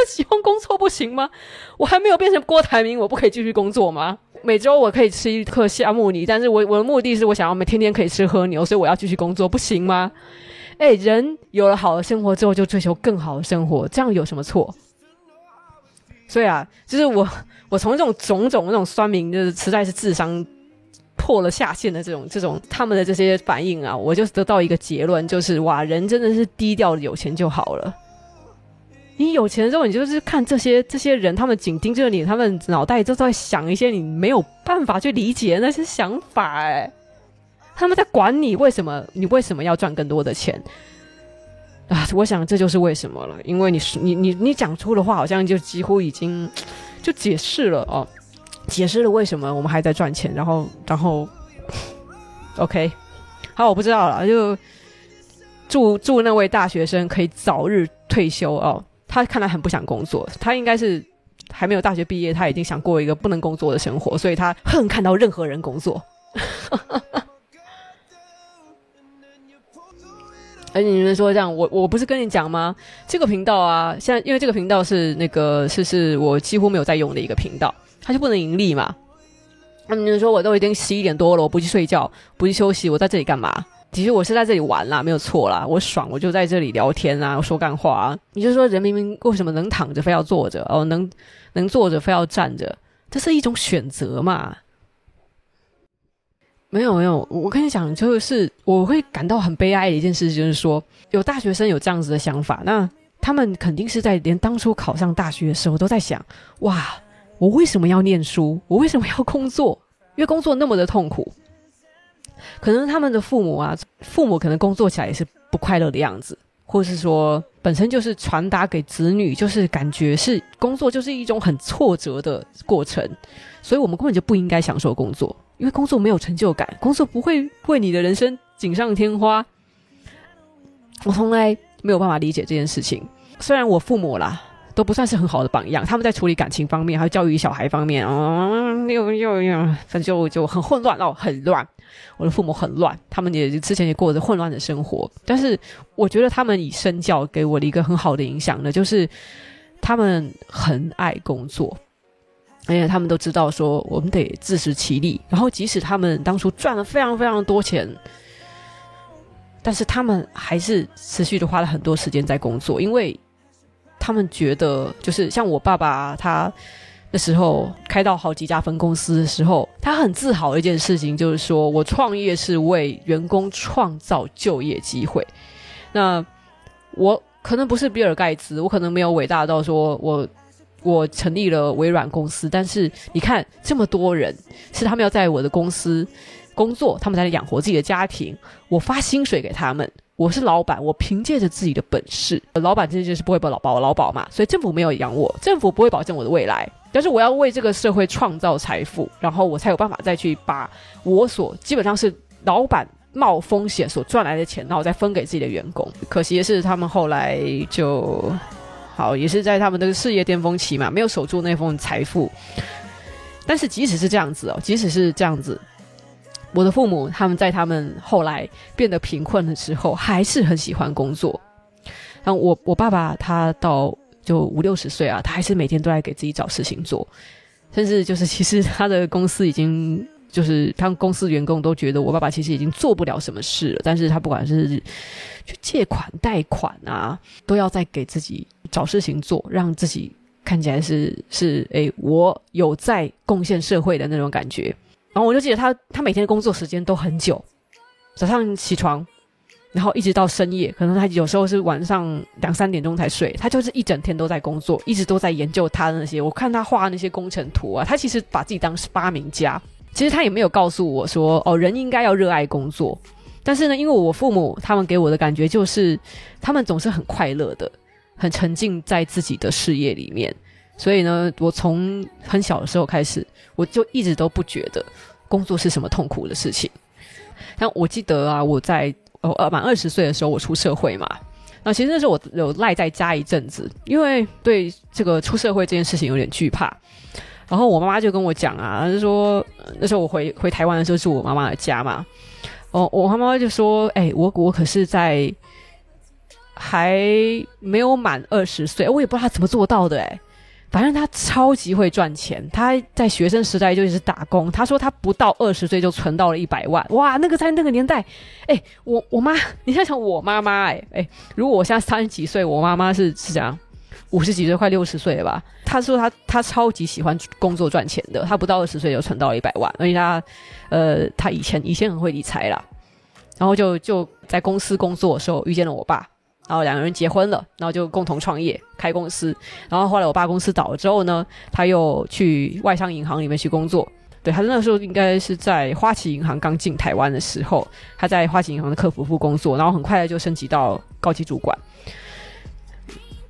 喜 歡工作不行嗎？我還沒有變成郭台銘，我不可以繼續工作嗎？每周我可以吃一顆夏目梨，但是我我的目的是我想要每天天可以吃喝牛，所以我要繼續工作，不行嗎？哎、欸，人有了好的生活之後，就追求更好的生活，這樣有什麼錯？所以啊，就是我，我從這種種種、這種酸民，就是實在是智商破了下限的這種、這種他們的這些反應啊，我就得到一個結論，就是哇，人真的是低調有錢就好了。你有錢之後，你就是看這些這些人，他們緊盯着你，他們腦袋都在想一些你沒有辦法去理解那些想法、欸，哎。他們在管你為什麼？你為什麼要賺更多的錢？啊，我想這就是為什麼了。因為你你你你講出的話，好像就幾乎已經就解釋了哦，解釋了為什麼我們還在賺錢。然後，然後，OK，好，我不知道了。就祝祝那位大學生可以早日退休哦。他看來很不想工作，他應該是還沒有大學畢業，他已經想過一個不能工作的生活，所以他恨看到任何人工作。 哎，你們說這樣，我我不是跟你講嗎？這個頻道啊，現在因為這個頻道是那個是是我幾乎沒有在用的一個頻道，它就不能盈利嘛。那、啊、你們說，我都已經十一點多了，我不去睡覺，不去休息，我在這裡幹嘛？其實我是在這裡玩啦、啊，沒有錯啦，我爽，我就在這裡聊天啊，我說幹話、啊。你就說人明明為什麼能躺着非要坐着？哦，能能坐着非要站着，這是一種選擇嘛。沒有沒有，我跟你講，就是我會感到很悲哀的一件事，就是說有大學生有這樣子的想法，那他們肯定是在連當初考上大學的時候都在想：哇，我為什麼要念書？我為什麼要工作？因為工作那麼的痛苦。可能他們的父母啊，父母可能工作起來也是不快樂的樣子，或是說本身就是傳達給子女，就是感覺是工作就是一種很挫折的過程，所以我們根本就不應該享受工作。因為工作沒有成就感，工作不會為你的人生錦上添花。我從來沒有辦法理解這件事情。雖然我父母啦都不算是很好的榜樣，他們在處理感情方面還有教育小孩方面，嗯、哦，又又又，反正就就很混亂，哦，很亂。我的父母很亂，他們也之前也過着混亂的生活。但是我覺得他們以身教給我的一個很好的影響呢，就是他們很愛工作。而且他們都知道，說我們得自食其力。然後，即使他們當初賺了非常非常多錢，但是他們還是持續的花了很多時間在工作，因為他們覺得，就是像我爸爸他那時候開到好幾家分公司的時候，他很自豪的一件事情就是說，我創業是為員工創造就業機會。那我可能不是比爾蓋茨，我可能沒有偉大到說我。我成立了微軟公司，但是你看這麼多人，是他們要在我的公司工作，他們才能養活自己的家庭。我發薪水給他們，我是老闆，我憑借着自己的本事，老闆真的就是不會保老保勞保嘛，所以政府沒有養我，政府不會保證我的未來，但是我要為這個社會創造財富，然後我才有辦法再去把我所基本上是老闆冒風險所賺來的錢，然後再分給自己的員工。可惜的是，他們後來就。好，也是在他們的事業巔峰期嘛，沒有守住那份財富。但是即使是這樣子哦，即使是這樣子，我的父母他們在他們後來變得貧困的時候，還是很喜歡工作。然後我我爸爸他到就五六十歲啊，他還是每天都在給自己找事情做。甚至就是其實他的公司已經就是他們公司員工都覺得我爸爸其實已經做不了什麼事了，但是他不管是去借款貸款啊，都要再給自己。找事情做，讓自己看起來是是誒、欸，我有在貢獻社會的那種感覺。然後我就記得他，他每天工作時間都很久，早上起床，然後一直到深夜，可能他有時候是晚上兩三點鐘才睡。他就是一整天都在工作，一直都在研究他的那些。我看他畫那些工程圖啊，他其實把自己當是發明家。其實他也沒有告訴我說，哦，人應該要熱愛工作。但是呢，因為我父母他們給我的感覺就是，他們總是很快樂的。很沉浸在自己的事業裡面，所以呢，我從很小的時候開始，我就一直都不覺得工作是什麼痛苦的事情。那我記得啊，我在呃滿二十歲的時候，我出社會嘛。那、啊、其實那時候我有賴在家一陣子，因為對這個出社會這件事情有點懼怕。然後我媽媽就跟我講啊，就說那時候我回回台灣的時候住我媽媽的家嘛。哦，我我媽媽就說，哎，我我可是在。還沒有滿二十歲，我也不知道他怎麼做到的誒、欸、反正他超級會賺錢。他在學生時代就一直打工。他說他不到二十歲就存到了一百萬，哇，那個在那個年代，哎、欸，我我媽，你想想我媽媽、欸，哎、欸、哎，如果我現在三十幾歲，我媽媽是是怎樣？五十幾歲，快六十歲了吧？他說他他超級喜歡工作賺錢的，他不到二十歲就存到了一百萬，而且他呃，他以前以前很會理財啦。然後就就在公司工作的時候遇見了我爸。然後兩個人結婚了，然後就共同創業開公司。然後後來我爸公司倒了之後呢，他又去外商銀行裡面去工作。對，他那個時候應該是在花旗銀行剛進台灣的時候，他在花旗銀行的客服部工作，然後很快就升級到高級主管，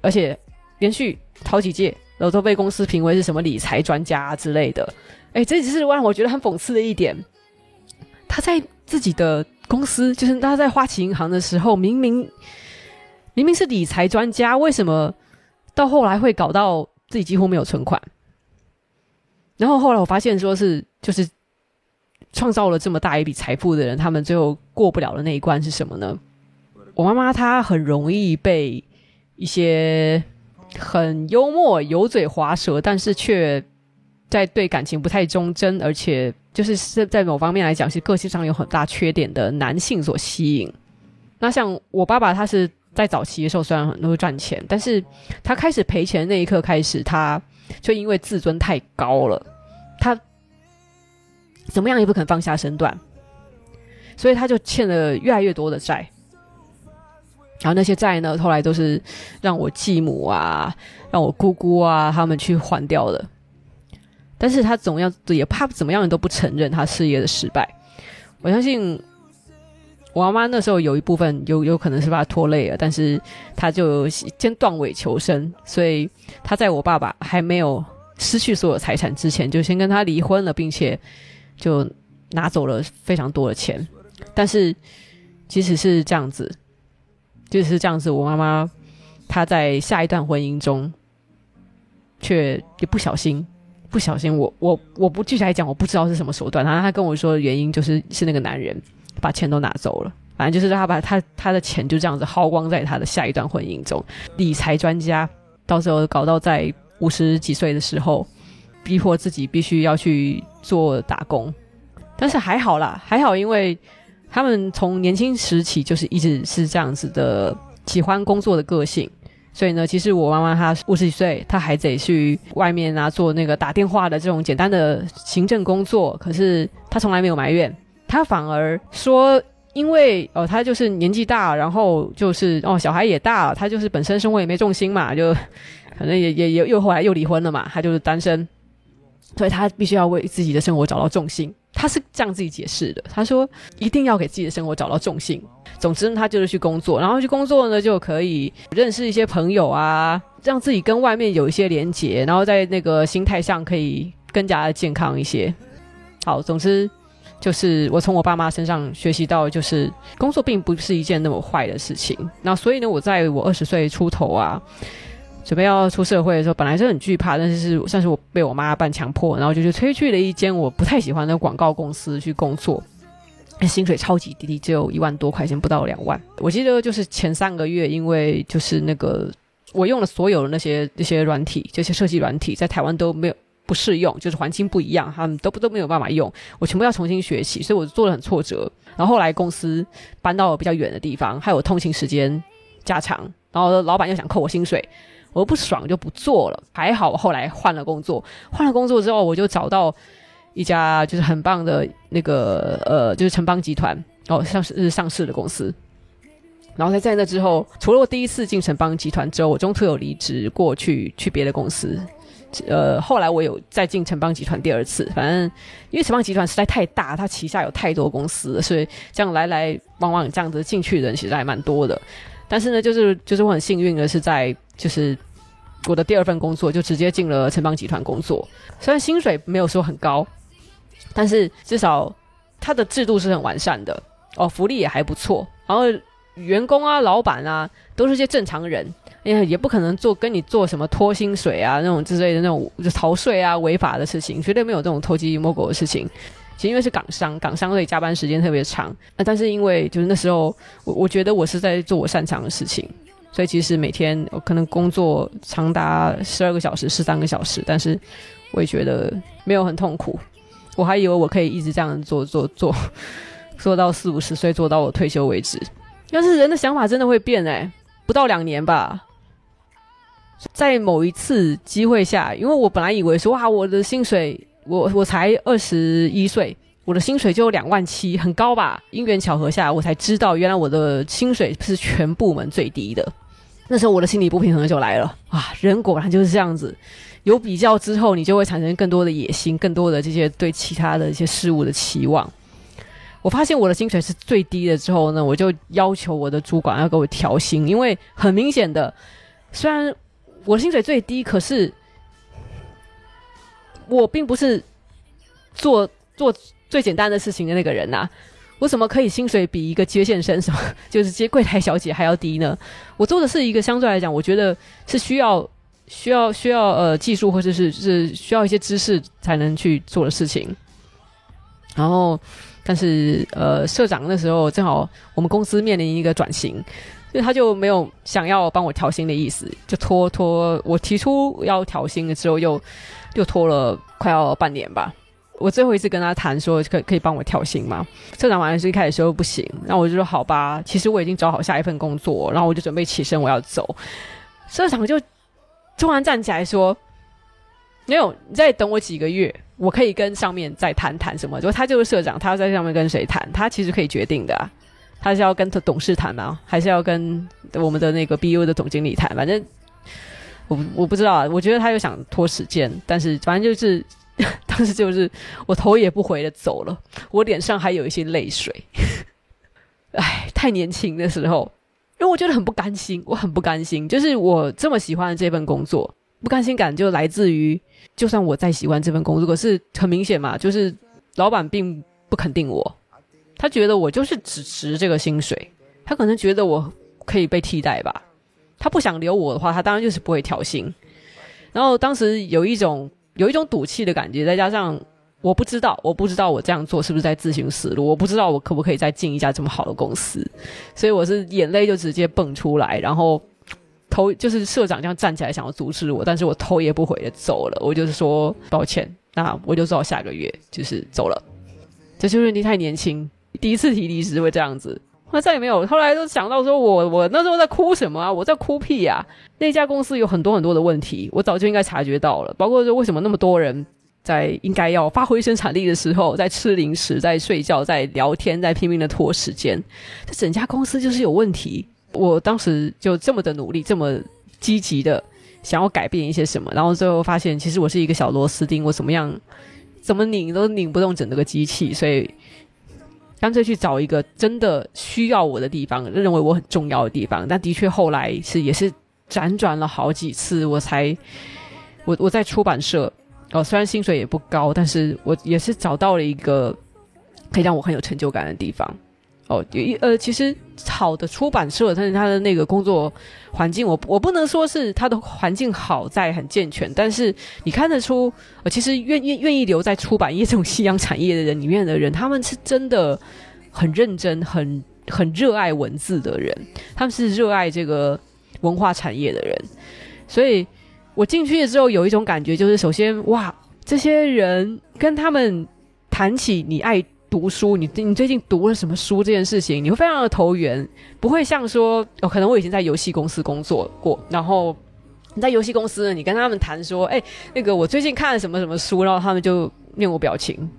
而且連續好幾屆，然後都被公司評為是什麼理財專家之類的。哎，這只是讓我覺得很諷刺的一點。他在自己的公司，就是他在花旗銀行的時候，明明。明明是理財專家，為什麼到後來會搞到自己幾乎沒有存款？然後後來我發現，說是就是創造了這麼大一筆財富的人，他們最後過不了的那一關是什麼呢？我媽媽她很容易被一些很幽默、油嘴滑舌，但是卻在對感情不太忠貞，而且就是是在某方面來講是個性上有很大缺點的男性所吸引。那像我爸爸他是。在早期的時候，雖然很會賺錢，但是他開始賠錢的那一刻開始，他就因為自尊太高了，他怎麼樣也不肯放下身段，所以他就欠了越來越多的債，然後那些債呢，後來都是讓我繼母啊，讓我姑姑啊，他們去還掉的，但是他總要也怕怎麼樣都不承認他事業的失敗，我相信。我媽媽那時候有一部分有有可能是把他拖累了，但是他就先斷尾求生，所以他在我爸爸還沒有失去所有財產之前，就先跟他離婚了，並且就拿走了非常多的錢。但是即使是這樣子，就是這樣子，我媽媽她在下一段婚姻中卻一不小心，不小心，我我我不具體來講，我不知道是什麼手段。然後他跟我說的原因就是是那個男人。把錢都拿走了，反正就是讓他把他他的錢就這樣子耗光在他的下一段婚姻中。理財專家到時候搞到在五十幾歲的時候，逼迫自己必須要去做打工。但是還好啦，還好因為他們從年輕時起就是一直是這樣子的，喜歡工作的個性。所以呢，其實我媽媽她五十幾歲，她還得去外面啊做那個打電話的這種簡單的行政工作。可是她從來沒有埋怨。他反而說，因為哦，他就是年紀大，然後就是哦，小孩也大，他就是本身生活也沒重心嘛，就可能也也也又後來又離婚了嘛，他就是單身，所以他必須要為自己的生活找到重心，他是這樣自己解釋的。他說一定要給自己的生活找到重心，總之呢，他就是去工作，然後去工作呢就可以認識一些朋友啊，讓自己跟外面有一些連接，然後在那個心態上可以更加的健康一些。好，總之。就是我從我爸媽身上學習到，就是工作並不是一件那麼壞的事情。那所以呢，我在我二十歲出頭啊，準備要出社會的時候，本來是很懼怕，但是是算是我被我媽半強迫，然後就是推去了一間我不太喜歡的廣告公司去工作，薪水超級低，只有一萬多塊錢，不到兩萬。我記得就是前三個月，因為就是那個我用了所有的那些那些軟體，這些設計軟體在台灣都沒有。不適用，就是環境不一樣，他們都不都沒有辦法用，我全部要重新學習，所以我做的很挫折。然後後來公司搬到了比較遠的地方，還有通勤時間加長，然後老闆又想扣我薪水，我又不爽，就不做了。還好我後來換了工作，換了工作之後，我就找到一家就是很棒的那個呃，就是城邦集團，然後上市上市的公司。然後他在那之後，除了我第一次進城邦集團之後，我中途有離職過去去別的公司。呃，後來我有再進城邦集團第二次，反正因為城邦集團實在太大，它旗下有太多公司，所以這樣來來往往這樣子進去的人其實還蠻多的。但是呢，就是就是我很幸運的是在就是我的第二份工作就直接進了城邦集團工作，雖然薪水沒有說很高，但是至少它的制度是很完善的哦，福利也還不錯，然後。員工啊，老板啊，都是一些正常人，也也不可能做跟你做什麼拖薪水啊，那種之類的那種就逃稅啊、違法的事情，絕對沒有這種偷雞摸狗的事情。其實因為是港商，港商所以加班時間特別長，啊、但是因為就是那時候，我我覺得我是在做我擅長的事情，所以其實每天我可能工作長達十二個小時、十三個小時，但是我也覺得沒有很痛苦。我還以為我可以一直這樣做做做做到四五十歲，做到我退休為止。要是人的想法真的會變誒、欸，不到兩年吧，在某一次機會下，因為我本來以為說哇，我的薪水，我我才二十一歲，我的薪水就有兩萬七，很高吧？因緣巧合下，我才知道原來我的薪水是全部門最低的。那時候我的心理不平衡就來了，哇、啊，人果然就是這樣子，有比較之後，你就會產生更多的野心，更多的這些對其他的一些事物的期望。我發現我的薪水是最低的之後呢，我就要求我的主管要給我調薪，因為很明顯的，雖然我的薪水最低，可是我並不是做做最簡單的事情的那個人吶、啊。我怎麼可以薪水比一個接線生什麼，就是接櫃檯小姐還要低呢？我做的是一個相對來講，我覺得是需要需要需要呃技術或者是、就是需要一些知識才能去做的事情，然後。但是，呃，社長那時候正好我們公司面臨一個轉型，所以他就沒有想要幫我調薪的意思，就拖拖。我提出要調薪的時候，又又拖了快要半年吧。我最後一次跟他談說，可可以幫我調薪嗎？社長完事一開始說不行，然後我就說好吧。其實我已經找好下一份工作，然後我就準備起身我要走。社長就突然站起來說。沒有，你再等我幾個月，我可以跟上面再談談什麼。就他就是社長，他要在上面跟誰談，他其實可以決定的啊。他是要跟董事談嗎？還是要跟我們的那個 BU 的總經理談？反正我我不知道啊。我覺得他又想拖時間，但是反正就是當時就是我頭也不回的走了，我臉上還有一些淚水。唉，太年輕的時候，因為我覺得很不甘心，我很不甘心，就是我這麼喜歡的這份工作。不甘心感就來自於，就算我再喜歡這份工作，可是很明顯嘛，就是老板並不肯定我，他覺得我就是只值這個薪水，他可能覺得我可以被替代吧，他不想留我的話，他當然就是不會調薪。然後當時有一種有一種賭氣的感覺，再加上我不知道，我不知道我這樣做是不是在自尋死路，我不知道我可不可以再進一家這麼好的公司，所以我是眼淚就直接蹦出來，然後。頭就是社長這樣站起來想要阻止我，但是我頭也不回的走了。我就是說抱歉，那我就知道下個月就是走了。這就，就是你太年輕，第一次提離職會這樣子。那再也沒有，後來都想到說我我那時候在哭什麼啊？我在哭屁呀、啊！那家公司有很多很多的問題，我早就應該察覺到了。包括說為什麼那麼多人在應該要發揮生產力的時候，在吃零食，在睡覺，在聊天，在拼命的拖時間。這整家公司就是有問題。我當時就這麼的努力，這麼積極的想要改變一些什麼，然後最後發現，其實我是一個小螺絲釘，我怎麼樣怎麼擰都擰不動整個機器，所以乾脆去找一個真的需要我的地方，認為我很重要的地方。但的確後來是也是輾轉了好幾次，我才我我在出版社，哦，雖然薪水也不高，但是我也是找到了一個可以讓我很有成就感的地方。哦，有一呃，其實好的出版社，但是他的那個工作環境，我我不能說是他的環境好在很健全，但是你看得出，呃，其實願意願意留在出版業這種夕陽產業的人裡面的人，他們是真的很認真，很很熱愛文字的人，他們是熱愛這個文化產業的人，所以我進去了之後有一種感覺，就是首先哇，這些人跟他們談起你愛。讀書，你你最近讀了什麼書？這件事情你會非常的投緣，不會像說，哦，可能我已經在遊戲公司工作過，然後你在遊戲公司，你跟他們談說，哎，那個我最近看了什麼什麼書，然後他們就面無表情。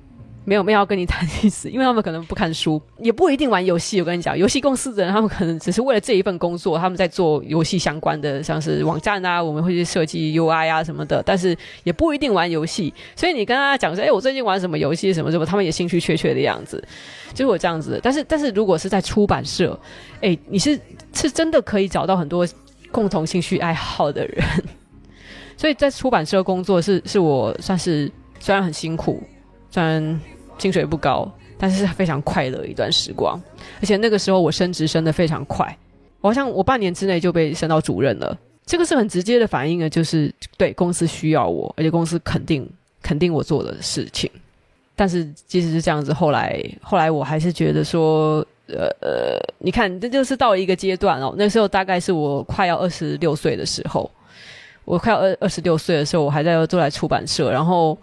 沒有沒有要跟你談意思，因為他們可能不看書，也不一定玩遊戲。我跟你講，遊戲公司的人，他們可能只是為了這一份工作，他們在做遊戲相關的，像是網站啊，我們會去設計 UI 啊什麼的，但是也不一定玩遊戲。所以你跟大家講說，哎、欸，我最近玩什麼遊戲什麼什麼，他們也興趣缺缺的樣子，就是我這樣子。但是，但是如果是在出版社，哎、欸，你是是真的可以找到很多共同興趣愛好的人。所以在出版社工作是是我算是雖然很辛苦，雖然。薪水不高，但是非常快樂一段時光。而且那個時候我升職升得非常快，我好像我半年之內就被升到主任了。這個是很直接的反應啊，就是對公司需要我，而且公司肯定肯定我做的事情。但是即使是這樣子，後來後來我還是覺得說，呃呃，你看這就是到了一個階段哦。那時候大概是我快要二十六歲的時候，我快要二二十六歲的時候，我還在坐在出版社，然後。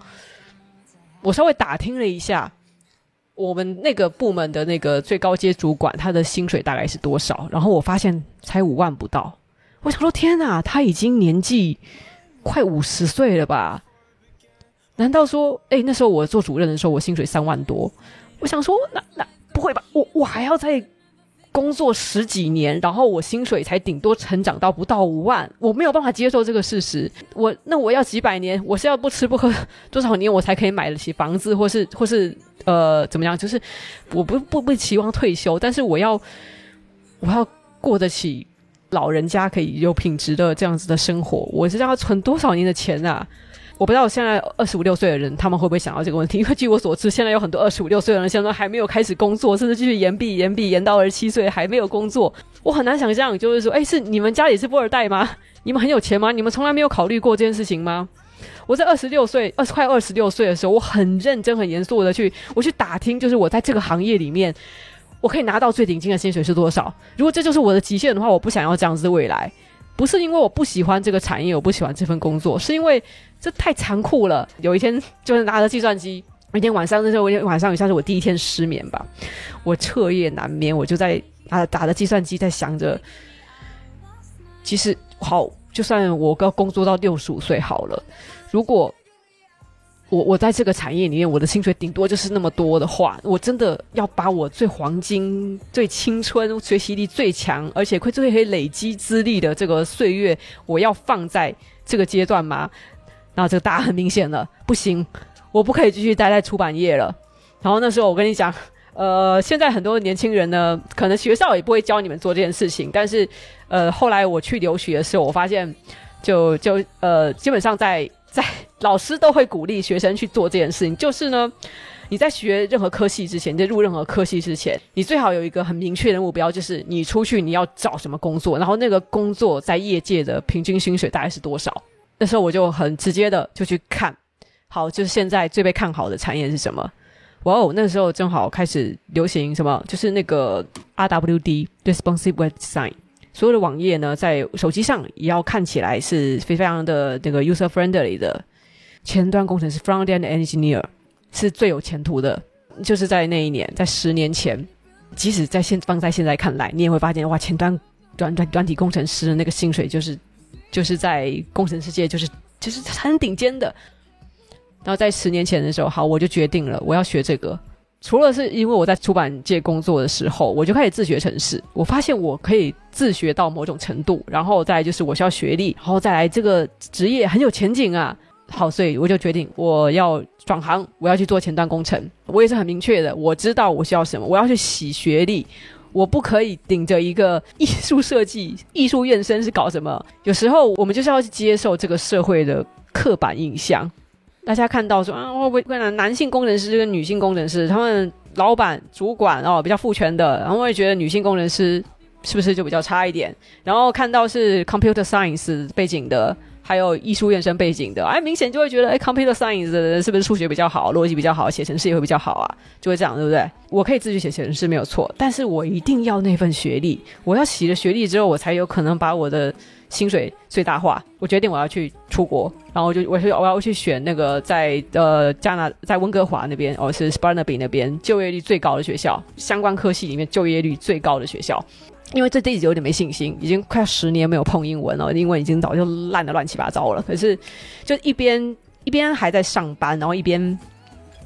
我稍微打聽了一下，我們那個部門的那個最高階主管，他的薪水大概是多少？然後我發現才五萬不到。我想說，天哪，他已經年紀快五十歲了吧？難道說，哎，那時候我做主任的時候，我薪水三萬多？我想說，那那不會吧？我我還要再……工作十幾年，然後我薪水才頂多成長到不到五萬，我沒有辦法接受這個事實。我那我要幾百年，我是要不吃不喝多少年，我才可以買得起房子，或是或是呃怎麼樣？就是我不不不期望退休，但是我要我要過得起老人家可以有品質的這樣子的生活，我是要存多少年的錢啊？我不知道現在二十五六歲的人他們會不會想到這個問題？因為據我所知，現在有很多二十五六歲的人，現在還沒有開始工作，甚至繼續延畢、延畢、延到二十七歲還沒有工作。我很難想象，就是說，誒，是你們家裡是富二代嗎？你們很有錢嗎？你們從來沒有考慮過這件事情嗎？我在二十六歲，二十快二十六歲的時候，我很認真、很嚴肅的去，我去打聽，就是我在這個行業裡面，我可以拿到最頂尖的薪水是多少？如果這就是我的極限的話，我不想要這樣子的未來。不是因為我不喜歡這個產業，我不喜歡這份工作，是因為。這太殘酷了。有一天，就是拿着計算機。每天晚上，那天晚上也算是我第一天失眠吧。我徹夜難眠，我就在啊，打着計算機，在想着。其實好，就算我剛工作到六十五歲好了。如果我我在這個產業裡面，我的薪水頂多就是那麼多的話，我真的要把我最黃金、最青春、學習力最強，而且會，最可以累積資歷的這個歲月，我要放在這個階段嗎？然後這個答案很明顯了，不行，我不可以繼續待在出版業了。然後那時候我跟你講，呃，現在很多年輕人呢，可能學校也不會教你們做這件事情。但是，呃，後來我去留學的時候，我發現，就就呃，基本上在在老師都會鼓勵學生去做這件事情。就是呢，你在學任何科系之前，你在入任何科系之前，你最好有一個很明確的目標，就是你出去你要找什麼工作，然後那個工作在業界的平均薪水大概是多少。那時候我就很直接的就去看，好，就是現在最被看好的產業是什麼？哇哦，那時候正好開始流行什麼？就是那個 RWD（Responsive Web Design），所有的網頁呢，在手機上也要看起來是非常的那個 user friendly 的。前端工程師 （Front-end Engineer） 是最有前途的，就是在那一年，在十年前，即使在現放在現在看來，你也會發現哇，前端端端短，短，短體工程師的那個薪水就是。就是在工程世界，就是，就是就是很頂尖的。然後在十年前的時候，好，我就決定了我要學這個。除了是因為我在出版界工作的時候，我就開始自學程式。我發現我可以自學到某種程度。然後再就是我需要學歷，然後再來這個職業很有前景啊。好，所以我就決定我要轉行，我要去做前端工程。我也是很明確的，我知道我需要什麼，我要去洗學歷。我不可以頂着一個藝術設計、藝術院生是搞什麼？有時候我們就是要去接受這個社會的刻板印象。大家看到說啊，我為男，男性工程師跟女性工程師，他們老闆、主管哦比較父權的，然後我也覺得女性工程師是不是就比較差一點？然後看到是 computer science 背景的，還有藝術院生背景的，哎，明顯就會覺得，哎，computer science 的人是不是數學比較好，邏輯比較好，寫程式也會比較好啊？就會這樣，對不對？我可以自己寫程式沒有錯，但是我一定要那份學歷，我要洗了學歷之後，我才有可能把我的薪水最大化。我決定我要去出國，然後就我就，我我要去選那個在呃加拿，在溫哥華那邊，哦是 Burnaby 那邊就業率最高的學校，相關科系裡面就業率最高的學校。因為這這幾集有點沒信心，已經快十年沒有碰英文了，英文已經早就爛的亂七八糟了。可是，就一邊一邊還在上班，然後一邊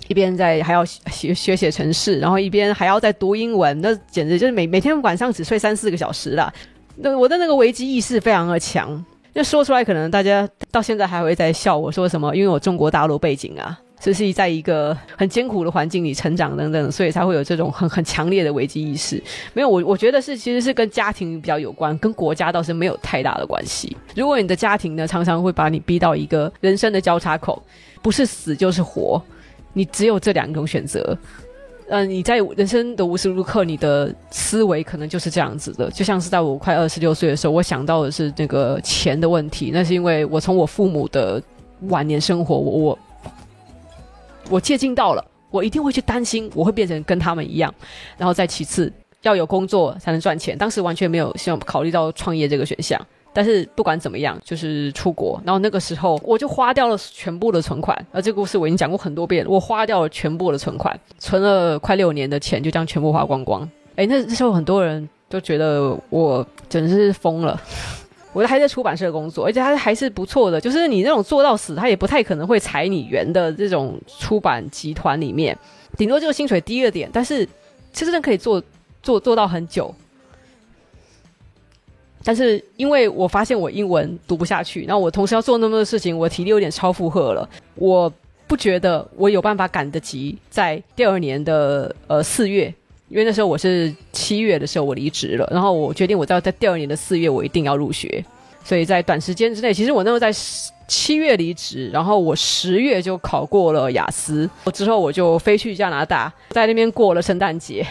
一邊在還要學學，學寫程式，然後一邊還要在讀英文，那簡直就是每每天晚上只睡三四個小時了。那我的那個危機意識非常的強，就說出來可能大家到現在還會在笑我說什麼，因為我中國大陸背景啊。這是在一個很艱苦的環境裡成長等等，所以才會有這種很很強烈的危機意識。沒有，我我覺得是其實是跟家庭比較有關，跟國家倒是沒有太大的關係。如果你的家庭呢，常常會把你逼到一個人生的交叉口，不是死就是活，你只有這兩種選擇。嗯、呃，你在人生的無時無刻，你的思維可能就是這樣子的。就像是在我快二十六歲的時候，我想到的是那個錢的問題，那是因為我從我父母的晚年生活，我我。我接近到了，我一定會去擔心，我會變成跟他們一樣。然後再其次，要有工作才能賺錢。當時完全沒有希望考慮到創業這個選項。但是不管怎麼樣，就是出國。然後那個時候我就花掉了全部的存款。呃，這個故事我已經講過很多遍，我花掉了全部的存款，存了快六年的錢就這樣全部花光光。誒，那那時候很多人都覺得我簡直是瘋了。我還在出版社工作，而且他還是不錯的。就是你那種做到死，他也不太可能會裁你員的這種出版集團裡面，頂多就是薪水低了點，但是其實真的可以做做做到很久。但是因為我發現我英文讀不下去，然後我同時要做那麼多事情，我體力有點超負荷了。我不覺得我有辦法趕得及在第二年的呃四月。因為那時候我是七月的時候我離職了，然後我決定我在在第二年的四月我一定要入學，所以在短時間之內，其實我那時候在七月離職，然後我十月就考過了雅思，我之後我就飛去加拿大，在那邊過了聖誕節，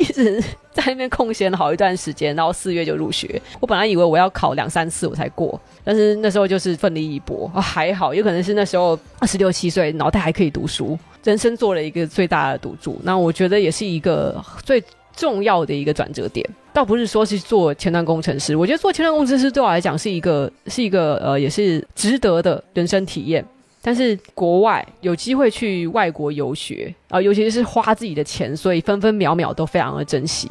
一直在那邊空閒了好一段時間，然後四月就入學。我本來以為我要考兩三次我才過，但是那時候就是奮力一搏，哦，還好，有可能是那時候二十六七歲，腦袋還可以讀書。人生做了一個最大的賭注，那我覺得也是一個最重要的一個轉折點。倒不是說是做前端工程師，我覺得做前端工程師對我來講是一個是一個呃也是值得的人生體驗。但是國外有機會去外國遊學啊、呃，尤其是花自己的錢，所以分分秒秒都非常的珍惜，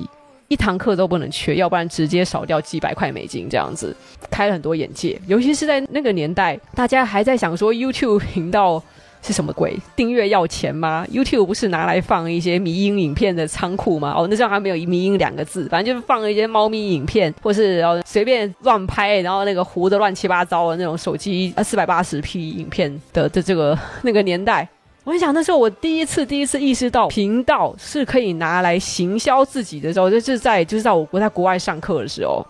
一堂課都不能缺，要不然直接少掉幾百塊美金這樣子，開了很多眼界。尤其是在那個年代，大家還在想說 YouTube 頻道。是什麼鬼？訂閱要錢嗎？YouTube 不是拿來放一些迷因影片的倉庫嗎？哦，那時候還沒有迷因兩個字，反正就是放了一些貓咪影片，或是然後隨便亂拍，然後那個糊的亂七八糟的那種手機四百八十 P 影片的的這個那個年代，我想那時候我第一次第一次意識到頻道是可以拿來行銷自己的時候，就是在就是在我，我在國外上課的時候。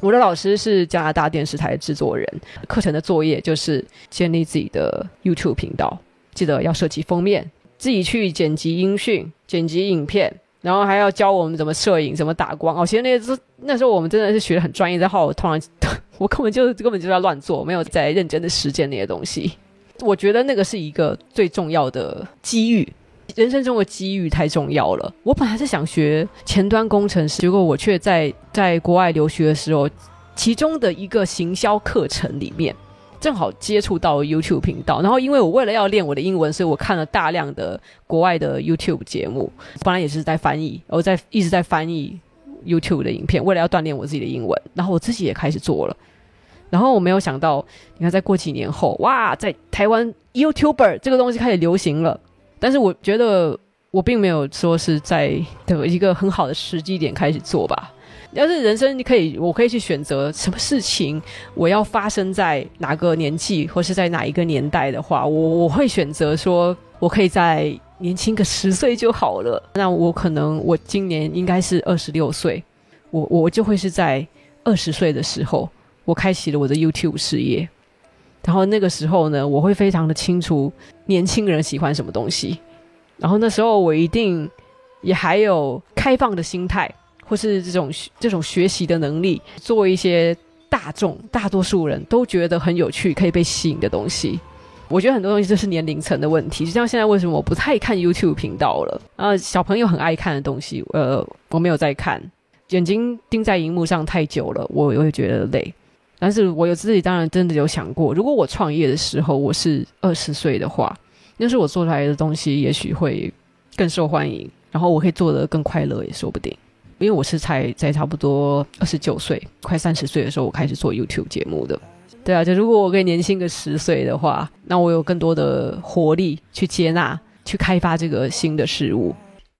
我的老師是加拿大電視台製作人，課程的作業就是建立自己的 YouTube 頻道，記得要設計封面，自己去剪輯音訊、剪輯影片，然後還要教我們怎麼攝影、怎麼打光。哦，其實那些是那時候我們真的是學得很專業，然後我突然，我根本就根本就在亂做，沒有在認真的實踐那些東西。我覺得那個是一個最重要的機遇。人生中的機遇太重要了。我本來是想學前端工程師，結果我卻在在國外留學的時候，其中的一個行銷課程裡面，正好接觸到 YouTube 頻道。然後，因為我為了要練我的英文，所以我看了大量的國外的 YouTube 節目。本來也是在翻譯，我在一直在翻譯 YouTube 的影片，為了要鍛鍊我自己的英文。然後我自己也開始做了。然後我沒有想到，你看，再過幾年後，哇，在台灣 YouTuber 這個東西開始流行了。但是我覺得我並沒有說是在的一個很好的時機點開始做吧。要是人生你可以，我可以去選擇什麼事情我要發生在哪個年紀或是在哪一個年代的話，我我會選擇說，我可以再年輕個十歲就好了。那我可能我今年應該是二十六歲，我我就會是在二十歲的時候，我開啟了我的 YouTube 事業。然後那個時候呢，我會非常的清楚年輕人喜歡什麼東西。然後那時候我一定也還有開放的心態，或是這種這種學習的能力，做一些大眾大多數人都覺得很有趣、可以被吸引的東西。我覺得很多東西就是年齡層的問題，就像現在為什麼我不太看 YouTube 頻道了啊？小朋友很愛看的東西，呃，我沒有在看，眼睛盯在熒幕上太久了，我也會覺得累。但是我有自己，當然真的有想過，如果我創業的時候我是二十歲的話，那時我做出來的東西也許會更受歡迎，然後我可以做得更快樂也說不定。因為我是才在差不多二十九歲、快三十歲的時候，我開始做 YouTube 節目的。對啊，就如果我可以年輕個十歲的話，那我有更多的活力去接納、去開發這個新的事物。